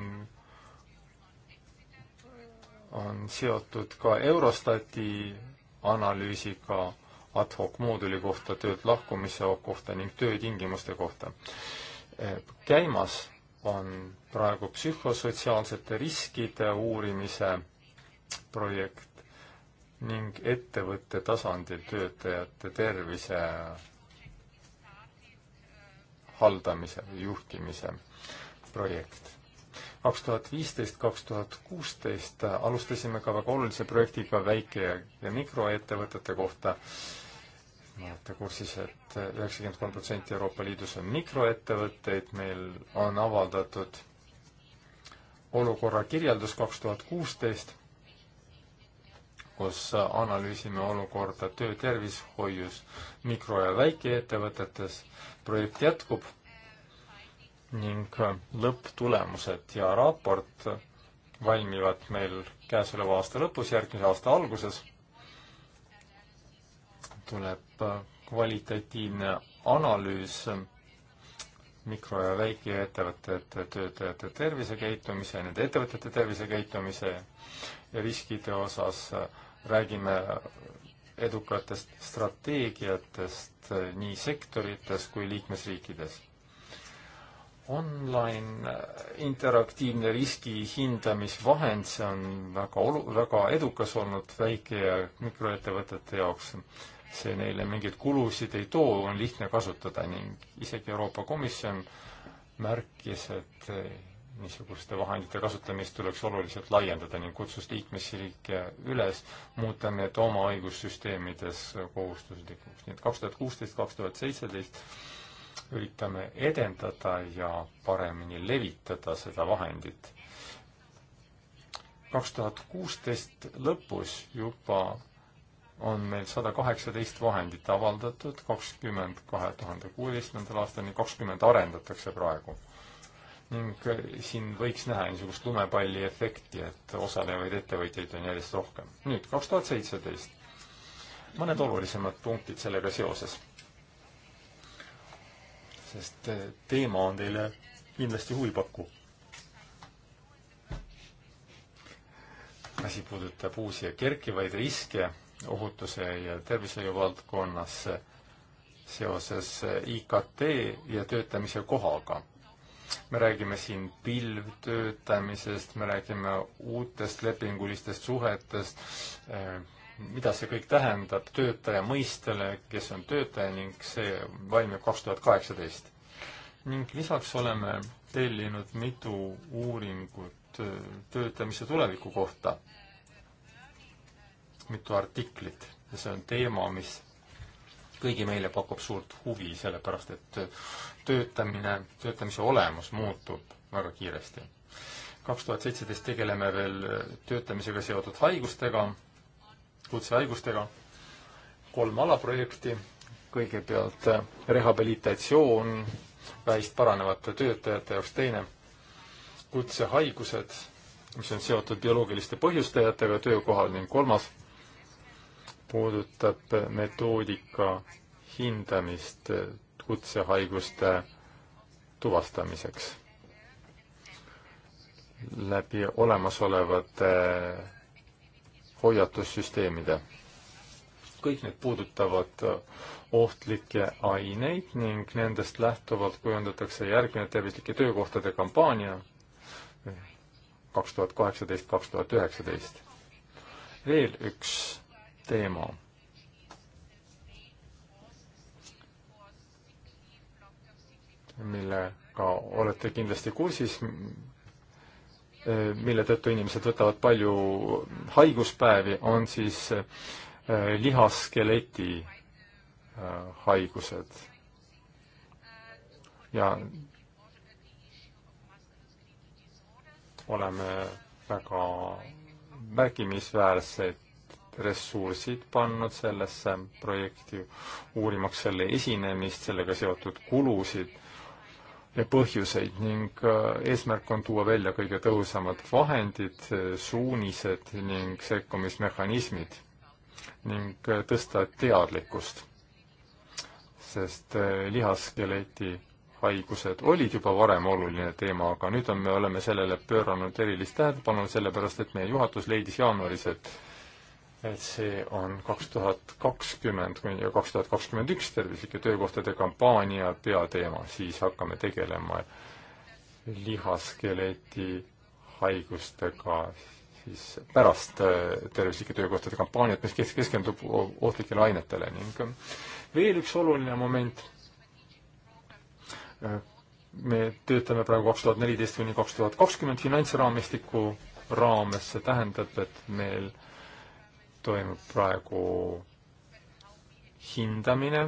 on seotud ka Eurostati analüüsiga ad hoc mooduli kohta, töölt lahkumise kohta ning töötingimuste kohta. käimas on praegu psühhosotsiaalsete riskide uurimise projekt, ning ettevõtte tasandil töötajate tervise haldamise või juhtimise projekt. kaks tuhat viisteist, kaks tuhat kuusteist alustasime ka väga olulise projektiga väike- ja, ja mikroettevõtete kohta. olete kursis, et üheksakümmend kolm protsenti Euroopa Liidus on mikroettevõtteid, meil on avaldatud olukorra kirjeldus kaks tuhat kuusteist kus analüüsime olukorda töötervishoius mikro- ja väikeettevõtetes. projekt jätkub ning lõpptulemused ja raport valmivad meil käesoleva aasta lõpus, järgmise aasta alguses tuleb kvalitatiivne analüüs mikro- ja väikeettevõtete töötajate tervisekäitumise, nende ettevõtete tervisekäitumise ja riskide osas räägime edukatest strateegiatest nii sektorites kui liikmesriikides. Online interaktiivne riski hindamisvahend, see on väga olu-, väga edukas olnud väike- ja mikroettevõtete jaoks. see neile mingeid kulusid ei too, on lihtne kasutada ning isegi Euroopa Komisjon märkis, et niisuguste vahendite kasutamist tuleks oluliselt laiendada ning kutsus liikmesriike üles muuta need oma õigussüsteemides kohustuslikuks. nii et kaks tuhat kuusteist, kaks tuhat seitseteist üritame edendada ja paremini levitada seda vahendit. kaks tuhat kuusteist lõpus juba on meil sada kaheksateist vahendit avaldatud, kakskümmend kahe tuhande kuueteistkümnendal aastal ning kakskümmend arendatakse praegu ning äh, siin võiks näha niisugust lumepalli efekti, et osalevaid ettevõtjaid on järjest rohkem. nüüd, kaks tuhat seitseteist. mõned olulisemad punktid sellega seoses. sest äh, teema on teile kindlasti huvipakkuv. asi puudutab uusi ja kerkivaid riske ohutuse ja tervishoiu valdkonnas seoses äh, IKT ja töötamise kohaga me räägime siin pilvtöötamisest, me räägime uutest lepingulistest suhetest, eh, mida see kõik tähendab töötaja mõistele, kes on töötaja ning see valmib kaks tuhat kaheksateist. ning lisaks oleme tellinud mitu uuringut eh, töötamise tuleviku kohta, mitu artiklit ja see on teema, mis kõigi meile pakub suurt huvi, sellepärast et töötamine, töötamise olemus muutub väga kiiresti. kaks tuhat seitseteist tegeleme veel töötamisega seotud haigustega, kutsehaigustega, kolm alaprojekti, kõigepealt äh, rehabilitatsioon vähist paranevate töötajate jaoks, teine kutsehaigused, mis on seotud bioloogiliste põhjustajatega töökohal ning kolmas puudutab metoodika hindamist kutsehaiguste tuvastamiseks läbi olemasolevate hoiatussüsteemide. kõik need puudutavad ohtlikke aineid ning nendest lähtuvalt kujundatakse järgmine tervislike töökohtade kampaania kaks tuhat kaheksateist, kaks tuhat üheksateist. veel üks teema. millega olete kindlasti kursis, mille tõttu inimesed võtavad palju haiguspäevi, on siis eh, lihaskeleti eh, haigused. ja oleme väga märkimisväärseid ressursid pannud sellesse projekti, uurimaks selle esinemist, sellega seotud kulusid ja põhjuseid ning äh, eesmärk on tuua välja kõige tõhusamad vahendid, äh, suunised ning sekkumismehhanismid ning äh, tõsta teadlikkust. sest lihaskeleti haigused olid juba varem oluline teema, aga nüüd on, me oleme sellele pööranud erilist tähelepanu, sellepärast et meie juhatus leidis jaanuaris, et et see on kaks tuhat kakskümmend kuni kaks tuhat kakskümmend üks tervislike töökohtade kampaania peateema, siis hakkame tegelema lihaskeleti haigustega siis pärast äh, tervislike töökohtade kampaaniat, mis keskendub ohtlikele ainetele ning äh, veel üks oluline moment, äh, me töötame praegu kaks tuhat neliteist kuni kaks tuhat kakskümmend finantsraamistiku raames, see tähendab, et meil äh, toimub praegu hindamine,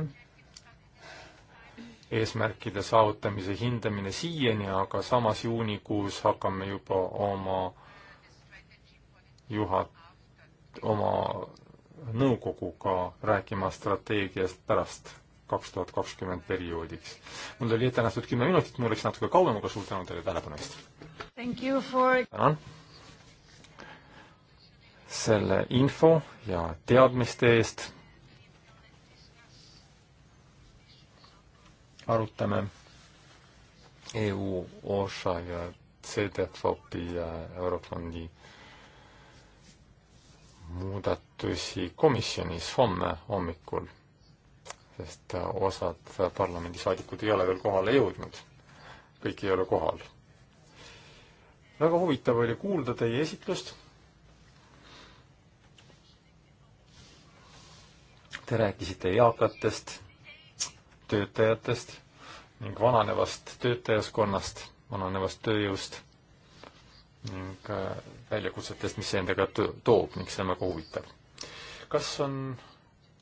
eesmärkide saavutamise hindamine siiani, aga samas juunikuus hakkame juba oma juhat-, oma nõukoguga rääkima strateegiast pärast kaks tuhat kakskümmend perioodiks. mul oli ette nähtud kümme minutit, mul läks natuke kauem, aga suur tänu teile tähelepanu eest! tänan! selle info ja teadmiste eest. arutame EU, OSHA ja CDFOP-i ja Eurofondi muudatusi komisjonis homme hommikul, sest osad parlamendisaadikud ei ole veel kohale jõudnud, kõik ei ole kohal. väga huvitav oli kuulda teie esitlust Te rääkisite eakatest, töötajatest ning vananevast töötajaskonnast, vananevast tööjõust ning äh, väljakutsetest, mis see endaga toob ning see on väga huvitav. kas on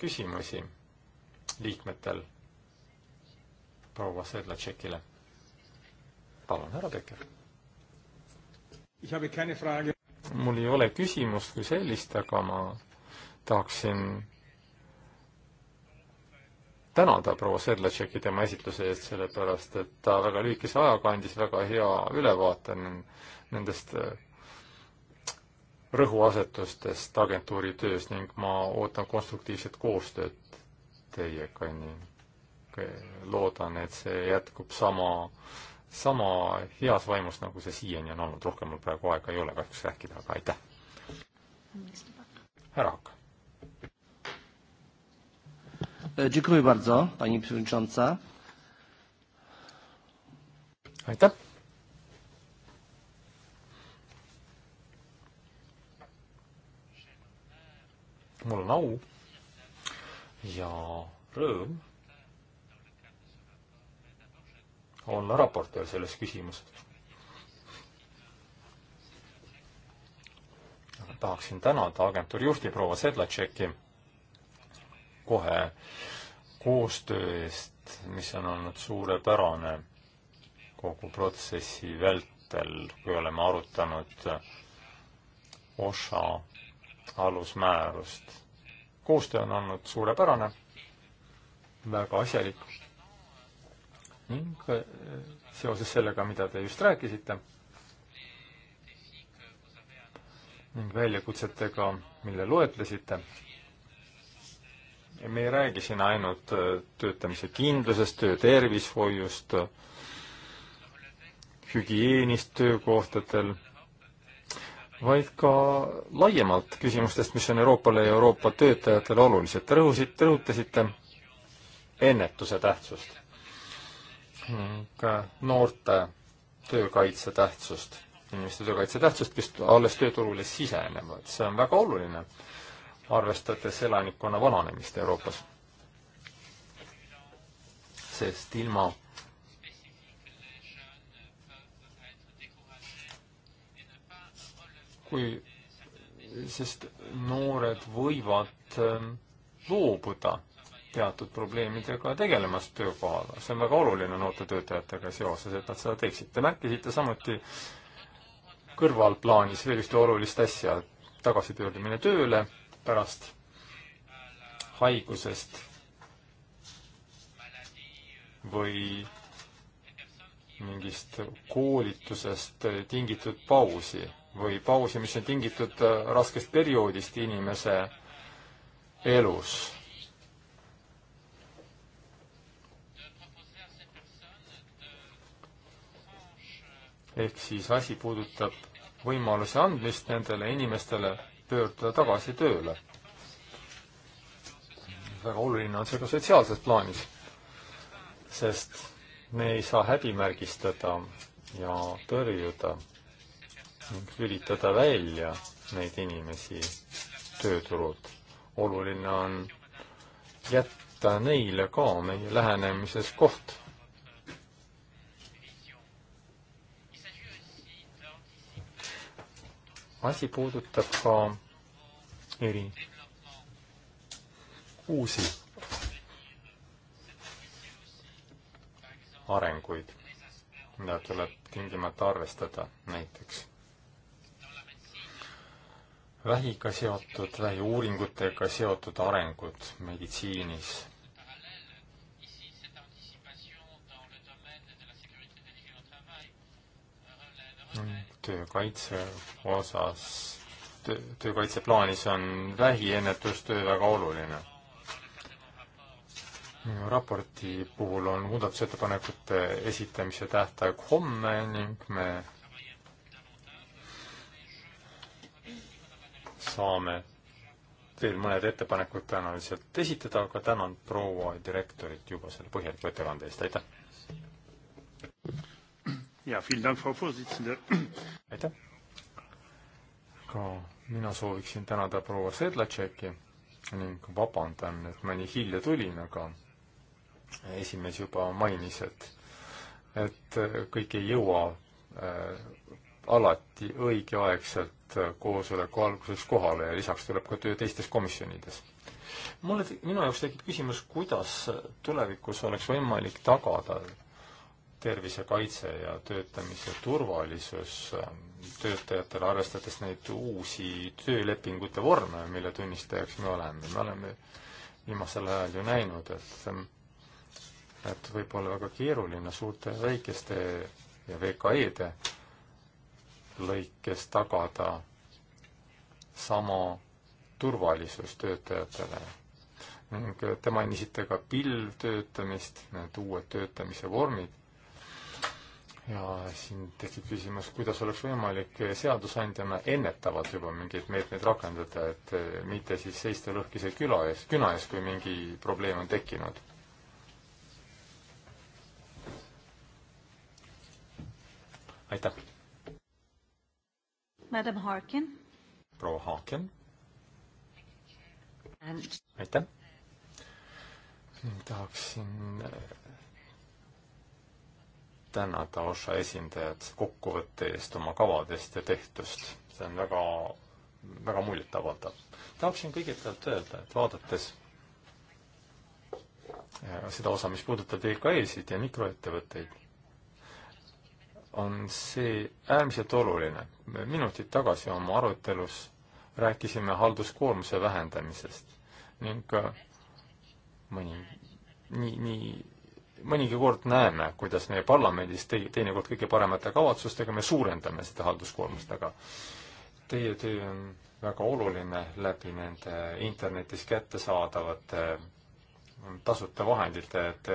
küsimusi liikmetel proua Sedlatšekile? palun, härra Peker. mul ei ole küsimust kui sellist, aga ma tahaksin tänada proua Sedlatšeki tema esitluse eest, sellepärast et ta väga lühikese ajaga andis väga hea ülevaate nendest äh, rõhuasetustest agentuuri töös ning ma ootan konstruktiivset koostööd teiega ning äh, loodan, et see jätkub sama, sama heas vaimus, nagu see siiani on olnud. rohkem mul praegu aega ei ole kahjuks rääkida, aga aitäh! härra Hakk E, dziękuję bardzo, pani przewodnicząca. aitäh. mul on au ja rõõm olla raportöör selles küsimuses. tahaksin tänada agentuuri juhti proua Sedlatšeki kohe koostöö eest, mis on olnud suurepärane kogu protsessi vältel, kui oleme arutanud OSHA alusmäärust. koostöö on olnud suurepärane, väga asjalik ning äh, seoses sellega, mida te just rääkisite, ning väljakutsetega, mille loetlesite me ei räägi siin ainult äh, töötamise kindlusest, töötervishoiust, hügieenist töökohtadel, vaid ka laiemalt küsimustest, mis on Euroopale ja Euroopa töötajatele olulised. Te rõhusid, te rõhutasite ennetuse tähtsust ning äh, noorte töökaitse tähtsust, inimeste töökaitse tähtsust, kes alles tööturule sisenevad, see on väga oluline arvestades elanikkonna vananemist Euroopas. sest ilma kui, sest noored võivad ähm, loobuda teatud probleemidega tegelemast töökohal. see on väga oluline noorte töötajatega seoses, et nad seda teeksid. Te märkisite samuti kõrvalplaanis veel ühte olulist asja, tagasipöördumine tööle pärast haigusest või mingist koolitusest tingitud pausi või pausi, mis on tingitud äh, raskest perioodist inimese elus. ehk siis asi puudutab võimaluse andmist nendele inimestele pöörduda tagasi tööle. väga oluline on see ka sotsiaalses plaanis, sest me ei saa häbimärgistada ja tõrjuda ning lülitada välja neid inimesi tööturult. oluline on jätta neile ka meie lähenemises koht asi puudutab ka eri uusi arenguid, mida tuleb tingimata arvestada, näiteks vähiga seotud, vähiuuringutega seotud arengud meditsiinis, mm töökaitse osas töö, töökaitseplaanis on vähiennetustöö väga oluline. minu raporti puhul on muudatusettepanekute esitamise tähtaeg homme ning me saame veel mõned ettepanekud tõenäoliselt esitada, aga tänan proua direktorit juba selle põhjaliku ettekande eest, aitäh! aitäh! ka mina sooviksin tänada proua Sedlatšeki ning vabandan, et ma nii hilja tulin, aga esimees juba mainis, et, et kõik ei jõua äh, alati õigeaegselt koosoleku alguses kohale ja lisaks tuleb ka töö teistes komisjonides. mulle, minu jaoks tekib küsimus, kuidas tulevikus oleks võimalik tagada tervisekaitse ja töötamise turvalisus töötajatele, arvestades neid uusi töölepingute vorme, mille tunnistajaks me oleme. me oleme viimasel ajal ju näinud, et, et võib olla väga keeruline suurte väikeste ja VKE-de lõikes tagada sama turvalisus töötajatele ning te mainisite ka pilvtöötamist, need uued töötamise vormid, ja siin tekib küsimus, kuidas oleks võimalik seadusandjana ennetavalt juba mingeid meetmeid rakendada, et eh, mitte siis seista lõhkise küla ees, küna ees, kui mingi probleem on tekkinud. aitäh. Madam Harkin. proua Harkin. aitäh. tahaksin eh, tänada OSHA esindajat kokkuvõtte eest oma kavadest ja tehtust. see on väga, väga muljetavaldav. tahaksin kõigepealt öelda, et vaadates äh, seda osa, mis puudutab EKE-sid ja mikroettevõtteid, on see äärmiselt oluline. minutid tagasi oma arutelus rääkisime halduskoormuse vähendamisest ning äh, mõni, nii, nii mõnigi kord näeme, kuidas meie parlamendis tei-, teinekord kõige paremate kavatsustega me suurendame seda halduskoormust, aga teie töö on väga oluline läbi nende internetis kättesaadavate tasuta vahendite, et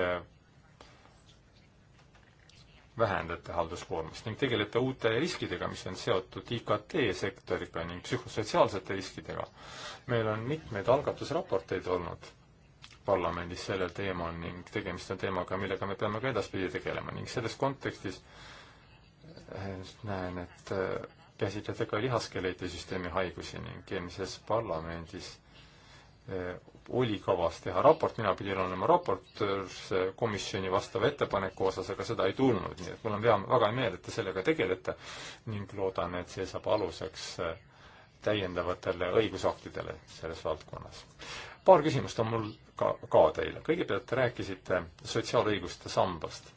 vähendate halduskoormust ning tegelete uute riskidega, mis on seotud IKT sektoriga ning psühhosotsiaalsete riskidega. meil on mitmeid algatusraporteid olnud parlamendis sellel teemal ning tegemist on teemaga, millega me peame ka edaspidi tegelema ning selles kontekstis eh, näen, et eh, käsitlete ka lihaskeleeti süsteemi haigusi ning eelmises parlamendis eh, oli kavas teha raport, mina pidin olema raportöör komisjoni vastava ettepaneku osas, aga seda ei tulnud, nii et mul on hea, väga hea meel, et te sellega tegelete ning loodan, et see saab aluseks täiendavatele õigusaktidele selles valdkonnas paar küsimust on mul ka, ka teile. kõigepealt te rääkisite sotsiaalõiguste sambast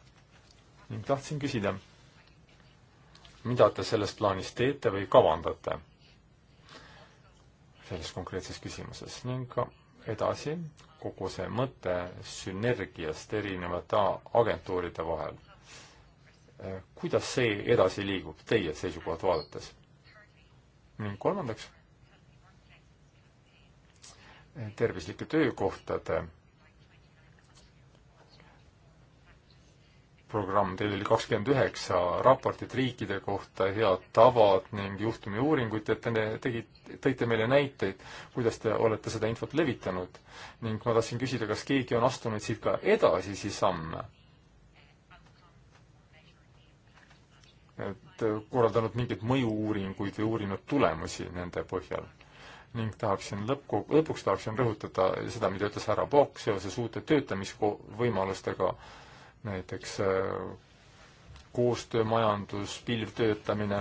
ning tahtsin küsida, mida te selles plaanis teete või kavandate selles konkreetses küsimuses ning edasi kogu see mõte sünergiast erinevate agentuuride vahel. kuidas see edasi liigub teie seisukohalt vaadates? ning kolmandaks tervislike töökohtade programm, teil oli kakskümmend üheksa raportit riikide kohta, head tavad ning juhtumiuuringut, et te tegid, tõite meile näiteid, kuidas te olete seda infot levitanud. ning ma tahtsin küsida, kas keegi on astunud siit ka edasisi samme? et korraldanud mingeid mõju-uuringuid või uurinud tulemusi nende põhjal ning tahaksin lõpku, lõpuks tahaksin rõhutada seda, mida ütles härra Pook seoses uute töötamisvõimalustega, näiteks äh, koostöömajandus, pilvtöötamine,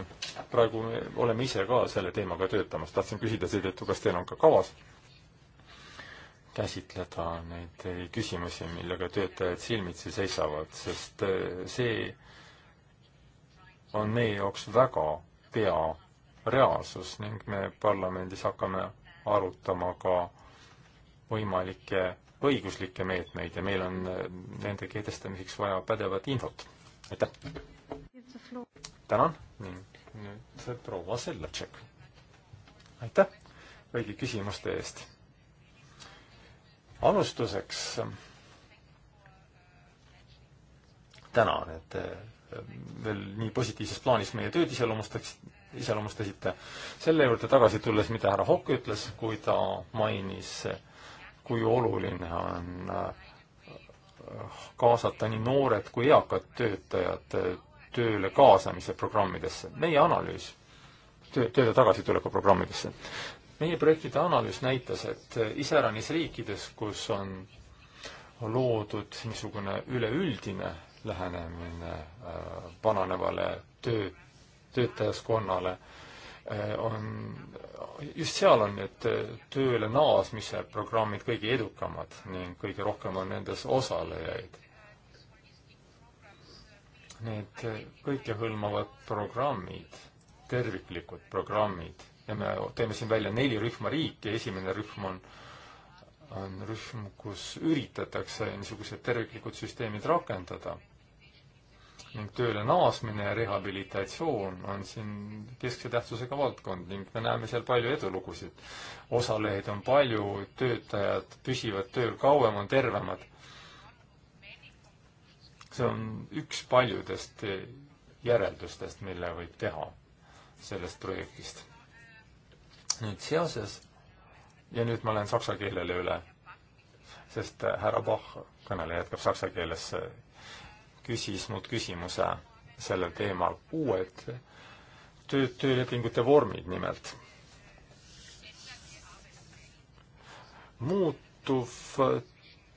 praegu me oleme ise ka selle teemaga töötamas, tahtsin küsida seetõttu, kas teil on ka kavas käsitleda neid küsimusi, millega töötajad silmitsi seisavad, sest äh, see on meie jaoks väga pea reaalsus ning me parlamendis hakkame arutama ka võimalikke õiguslikke meetmeid ja meil on eh, nende kehtestamiseks vaja pädevat infot. aitäh! tänan ning nüüd proua Sellatšek. aitäh kõigi küsimuste eest! alustuseks tänan, et eh, veel nii positiivses plaanis meie tööd iseloomustaks, iseloomustasite. selle juurde tagasi tulles, mida härra Hokk ütles, kui ta mainis, kui oluline on äh, kaasata nii noored kui eakad töötajad äh, tööle kaasamise programmidesse. meie analüüs töö, tööle tagasituleku programmidesse. meie projektide analüüs näitas, et äh, iseäranis riikides, kus on loodud niisugune üleüldine lähenemine vananevale töö töötajaskonnale, äh, on, just seal on need äh, tööle naasmise programmid kõige edukamad ning kõige rohkem on nendes osalejaid. Need äh, kõikehõlmavad programmid, terviklikud programmid ja me teeme siin välja neli rühma riiki, esimene rühm on on rühm, kus üritatakse niisugused terviklikud süsteemid rakendada ning tööle naasmine ja rehabilitatsioon on siin keskse tähtsusega valdkond ning me näeme seal palju edulugusid. osalejaid on palju, töötajad püsivad tööl kauem, on tervemad. see on üks paljudest järeldustest, mille võib teha sellest projektist. nüüd seoses, ja nüüd ma lähen saksa keelele üle, sest härra Bach, kõneleja jätkab saksa keeles küsis mult küsimuse sellel teemal, uued töö, töölepingute vormid nimelt. muutuv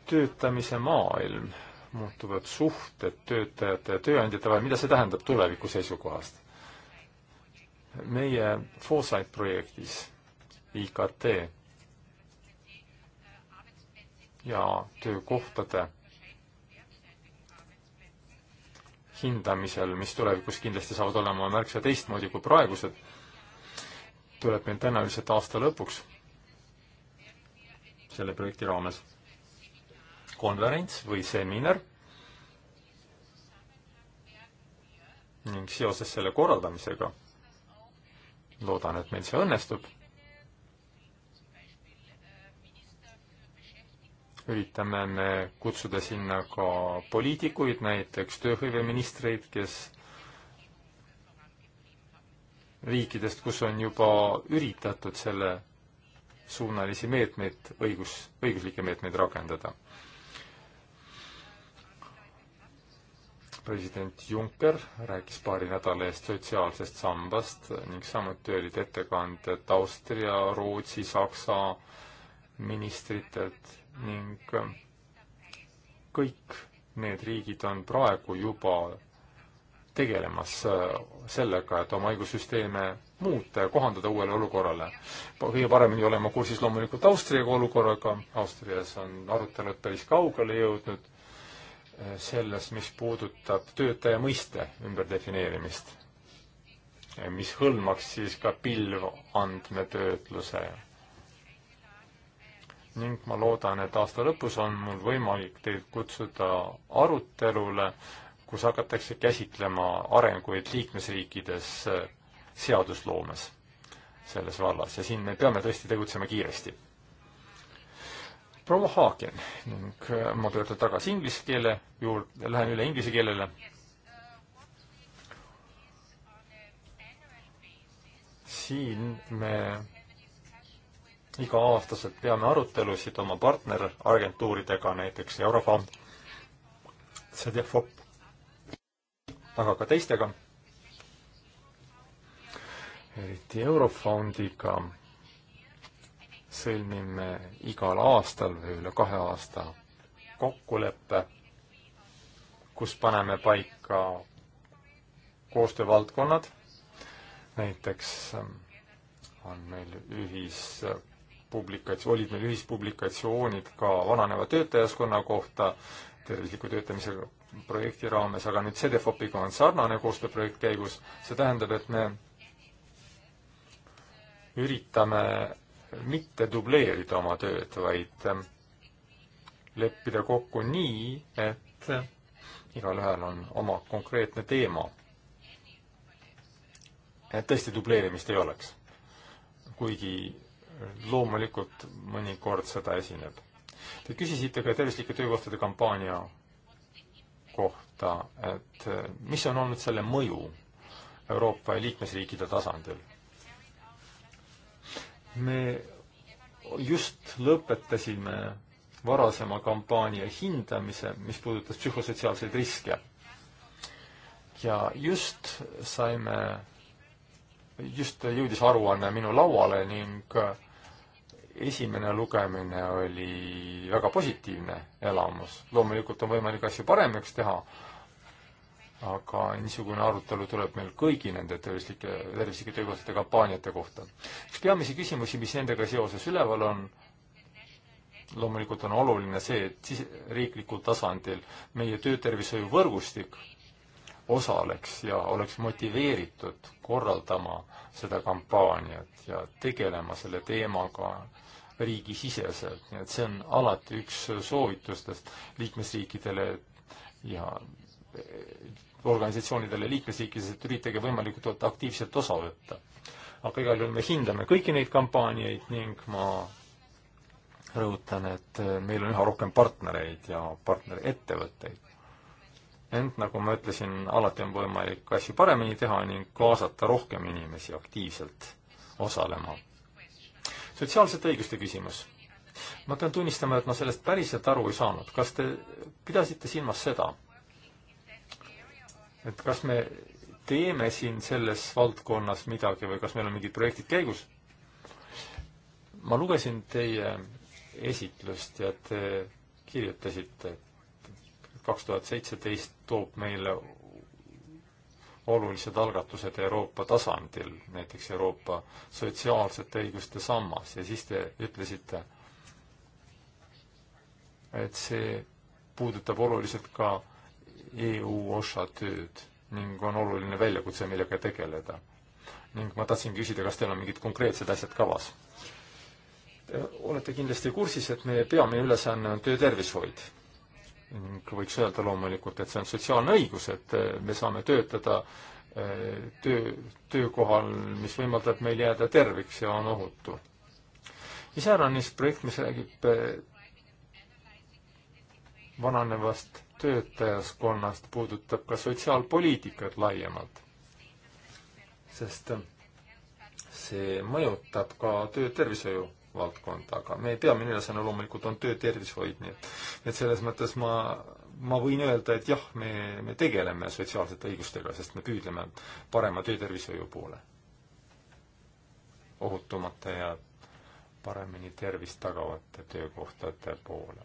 töötamise maailm, muutuvad suhted töötajate ja tööandjate vahel, mida see tähendab tuleviku seisukohast? meie Foresight projektis IKT ja töökohtade hindamisel, mis tulevikus kindlasti saavad olema märksa teistmoodi kui praegused, tuleb meil tõenäoliselt aasta lõpuks selle projekti raames konverents või seminar ning seoses selle korraldamisega loodan, et meil see õnnestub üritame me kutsuda sinna ka poliitikuid, näiteks tööhõiveministreid, kes riikidest, kus on juba üritatud selle suunalisi meetmeid, õigus, õiguslikke meetmeid rakendada. president Juncker rääkis paari nädala eest sotsiaalsest sambast ning samuti olid ettekanded Austria, Rootsi, Saksa äh, ministritelt ning ähm, kõik need riigid on praegu juba tegelemas äh, sellega, et oma õigussüsteeme muuta ja kohandada uuele olukorrale. kõige paremini olen ma kursis loomulikult Austriaga olukorraga, Austrias on arutelud päris kaugele jõudnud äh, selles, mis puudutab töötaja mõiste ümberdefineerimist, mis hõlmaks siis ka pilvandmetöötluse ning ma loodan, et aasta lõpus on mul võimalik teid kutsuda arutelule, kus hakatakse käsitlema arenguid liikmesriikides seadusloomes selles vallas ja siin me peame tõesti tegutsema kiiresti. proua Haagen ning ma pöördun tagasi inglise keele juurde, lähen üle inglise keelele. siin me iga-aastaselt peame arutelusid oma partneragentuuridega, näiteks Eurofond, CDFOP, aga ka teistega, eriti Eurofondiga, sõlmime igal aastal või üle kahe aasta kokkuleppe, kus paneme paika koostöövaldkonnad, näiteks ähm, on meil ühis äh, publikats-, olid meil ühispublikatsioonid ka vananeva töötajaskonna kohta tervisliku töötamise projekti raames, aga nüüd CDFOP-iga on sarnane koostööprojekt käigus, see tähendab, et me üritame mitte dubleerida oma tööd, vaid ähm, leppida kokku nii, et igalühel on oma konkreetne teema. et tõesti dubleerimist ei oleks. kuigi loomulikult mõnikord seda esineb. Te küsisite ka tervislike töökohtade kampaania kohta, et eh, mis on olnud selle mõju Euroopa liikmesriikide tasandil. me just lõpetasime varasema kampaania hindamise, mis puudutas psühhosotsiaalseid riske. ja just saime, just jõudis aruanne minu lauale ning äh, esimene lugemine oli väga positiivne elamus. loomulikult on võimalik asju paremaks teha, aga niisugune arutelu tuleb meil kõigi nende tervislike, tervislike töökohtade kampaaniate kohta. üks peamisi küsimusi, mis nendega seoses üleval on, loomulikult on oluline see, et siis riiklikul tasandil meie töötervishoiuvõrgustik osaleks ja oleks motiveeritud korraldama seda kampaaniat ja tegelema selle teemaga riigisiseselt, nii et see on alati üks soovitustest liikmesriikidele ja organisatsioonidele liikmesriikides, et üritage võimalikult aktiivselt osa võtta. aga igal juhul me hindame kõiki neid kampaaniaid ning ma rõhutan, et meil on üha rohkem partnereid ja partnerettevõtteid. ent nagu ma ütlesin, alati on võimalik asju paremini teha ning kaasata rohkem inimesi aktiivselt osalema sotsiaalsete õiguste küsimus. ma pean tunnistama, et ma sellest päriselt aru ei saanud. kas te pidasite silmas seda, et kas me teeme siin selles valdkonnas midagi või kas meil on mingid projektid käigus? ma lugesin teie esitlust ja te kirjutasite, et kaks tuhat seitseteist toob meile olulised algatused Euroopa tasandil, näiteks Euroopa sotsiaalsete õiguste sammas ja siis te ütlesite, et see puudutab oluliselt ka EU OSHA tööd ning on oluline väljakutse, millega tegeleda. ning ma tahtsin küsida, kas teil on mingid konkreetsed asjad kavas? Te olete kindlasti kursis, et meie peamine ülesanne on töötervishoid ning võiks öelda loomulikult, et see on sotsiaalne õigus, et eh, me saame töötada eh, töö, töökohal, mis võimaldab meil jääda terviks ja on ohutu. iseäranis projekt, mis räägib eh, vananevast töötajaskonnast, puudutab ka sotsiaalpoliitikat laiemalt. sest see mõjutab ka töötervishoiu valdkond, aga meie peamine ülesanne loomulikult on töötervishoid, nii et et selles mõttes ma, ma võin öelda, et jah, me, me tegeleme sotsiaalsete õigustega, sest me püüdleme parema töötervishoiu poole. ohutumate ja paremini tervist tagavate töökohtade poole.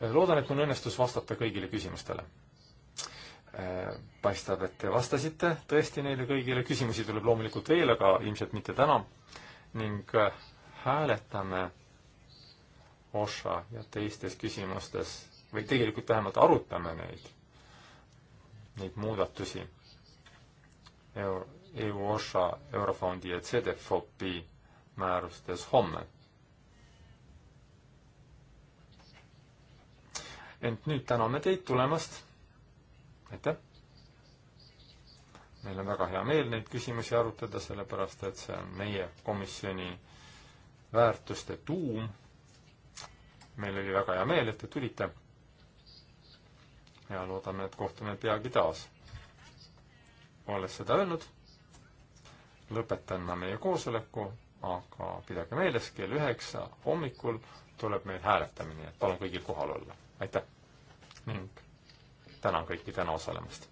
loodan, et mul õnnestus vastata kõigile küsimustele äh, paistab, et te vastasite tõesti neile kõigile, küsimusi tuleb loomulikult veel, aga ilmselt mitte täna. ning äh, hääletame osa ja teistes küsimustes või tegelikult vähemalt arutame neid, neid muudatusi EU, EU osa, Eurofondi ja CDFOP-i määrustes homme. ent nüüd täname teid tulemast, aitäh! meil on väga hea meel neid küsimusi arutada, sellepärast et see on meie komisjoni väärtuste tuum. meil oli väga hea meel, et te tulite. ja loodame, et kohtume peagi taas. olles seda öelnud, lõpetan ma meie koosoleku, aga pidage meeles, kell üheksa hommikul tuleb meil hääletamine, et palun kõigil kohal olla. aitäh ning tänan kõiki täna osalemast!